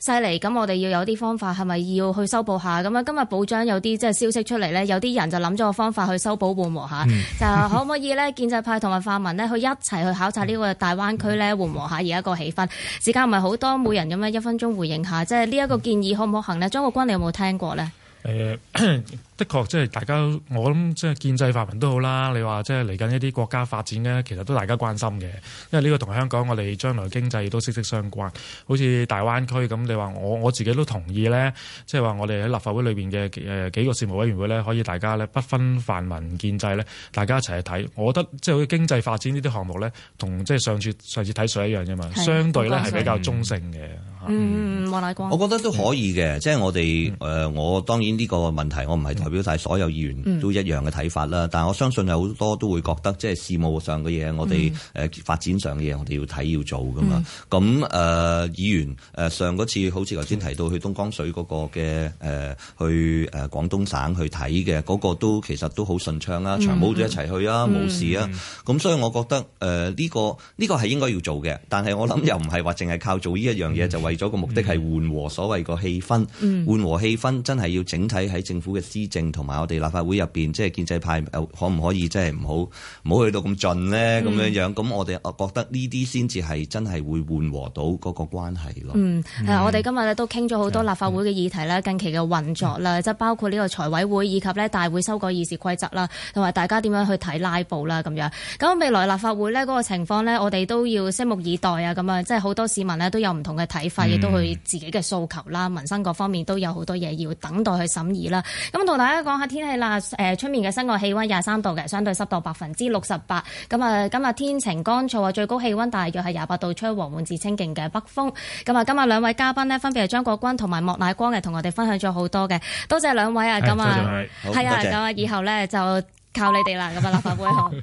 [SPEAKER 2] 犀利，咁我哋要有啲方法，係咪要去修補下？咁樣今日報章有啲即係消息出嚟呢，有啲人就諗咗個方法去修補緩和下，嗯、就可唔可以呢？建制派同埋泛民呢，去一齊去考察呢個大灣區呢，緩和下而家個氣氛？時間唔係好多，每日。咁樣一,一分鐘回應下，即係呢一個建議可唔可行咧？張國鈞，你有冇聽過咧？
[SPEAKER 4] 的確，即係大家，我諗即係建制泛民都好啦。你話即係嚟緊一啲國家發展咧，其實都大家關心嘅，因為呢個同香港我哋將來經濟都息息相關。好似大灣區咁，你話我我自己都同意咧，即係話我哋喺立法會裏邊嘅誒幾個事務委員會咧，可以大家咧不分泛民建制咧，大家一齊去睇。我覺得即係、就是、經濟發展呢啲項目咧，同即係上次上次睇水一樣啫嘛，
[SPEAKER 2] 是相
[SPEAKER 7] 對咧係比較中性嘅。嗯，
[SPEAKER 2] 莫乃光，嗯我覺得都
[SPEAKER 7] 可以嘅，即、就、係、是、我哋誒、嗯呃，我當然呢個問題我唔係台。表晒所有議員都一樣嘅睇法啦，但係我相信有好多都會覺得，即係事務上嘅嘢，嗯、我哋誒發展上嘅嘢，我哋要睇要做噶嘛咁誒、嗯嗯呃、議員誒、呃、上嗰次，好似頭先提到去東江水嗰個嘅誒、呃、去誒廣、呃、東省去睇嘅嗰個都其實都好順暢啦，長毛就一齊去啊，冇、嗯、事啊。咁、嗯嗯嗯、所以我覺得誒呢、呃這個呢、這個係應該要做嘅，但係我諗又唔係話淨係靠做呢一樣嘢、嗯嗯、就為咗個目的係緩和所謂個氣氛，緩和氣氛真係要整體喺政府嘅施政。同埋我哋立法會入邊，即係建制派可唔可以真，即係唔好唔好去到咁盡呢？咁、嗯、樣樣咁，我哋覺得呢啲先至係真係會緩和到嗰個關係咯。嗯，係、啊、我
[SPEAKER 2] 哋今日都傾咗好多立法會嘅議題啦，嗯、近期嘅運作啦，即係、嗯、包括呢個財委會以及呢大會修改議事規則啦，同埋大家點樣去睇拉布啦咁樣。咁未來立法會呢嗰個情況呢，我哋都要拭目以待啊！咁啊，即係好多市民呢都有唔同嘅睇法，亦都去自己嘅訴求啦、嗯、民生各方面都有好多嘢要等待去審議啦。咁大家講下天氣啦。誒、呃，出面嘅室外氣温廿三度嘅，相對濕度百分之六十八。咁、嗯、啊，今、嗯、日天晴乾燥啊，最高氣温大約係廿八度吹，吹和緩至清勁嘅北風。咁、嗯、啊，今、嗯、日、嗯、兩位嘉賓呢，分別係張國鈞同埋莫乃光嘅，同我哋分享咗好多嘅。多謝兩位啊，咁啊，係啊，咁啊，以後咧就靠你哋啦。咁啊，立法會好。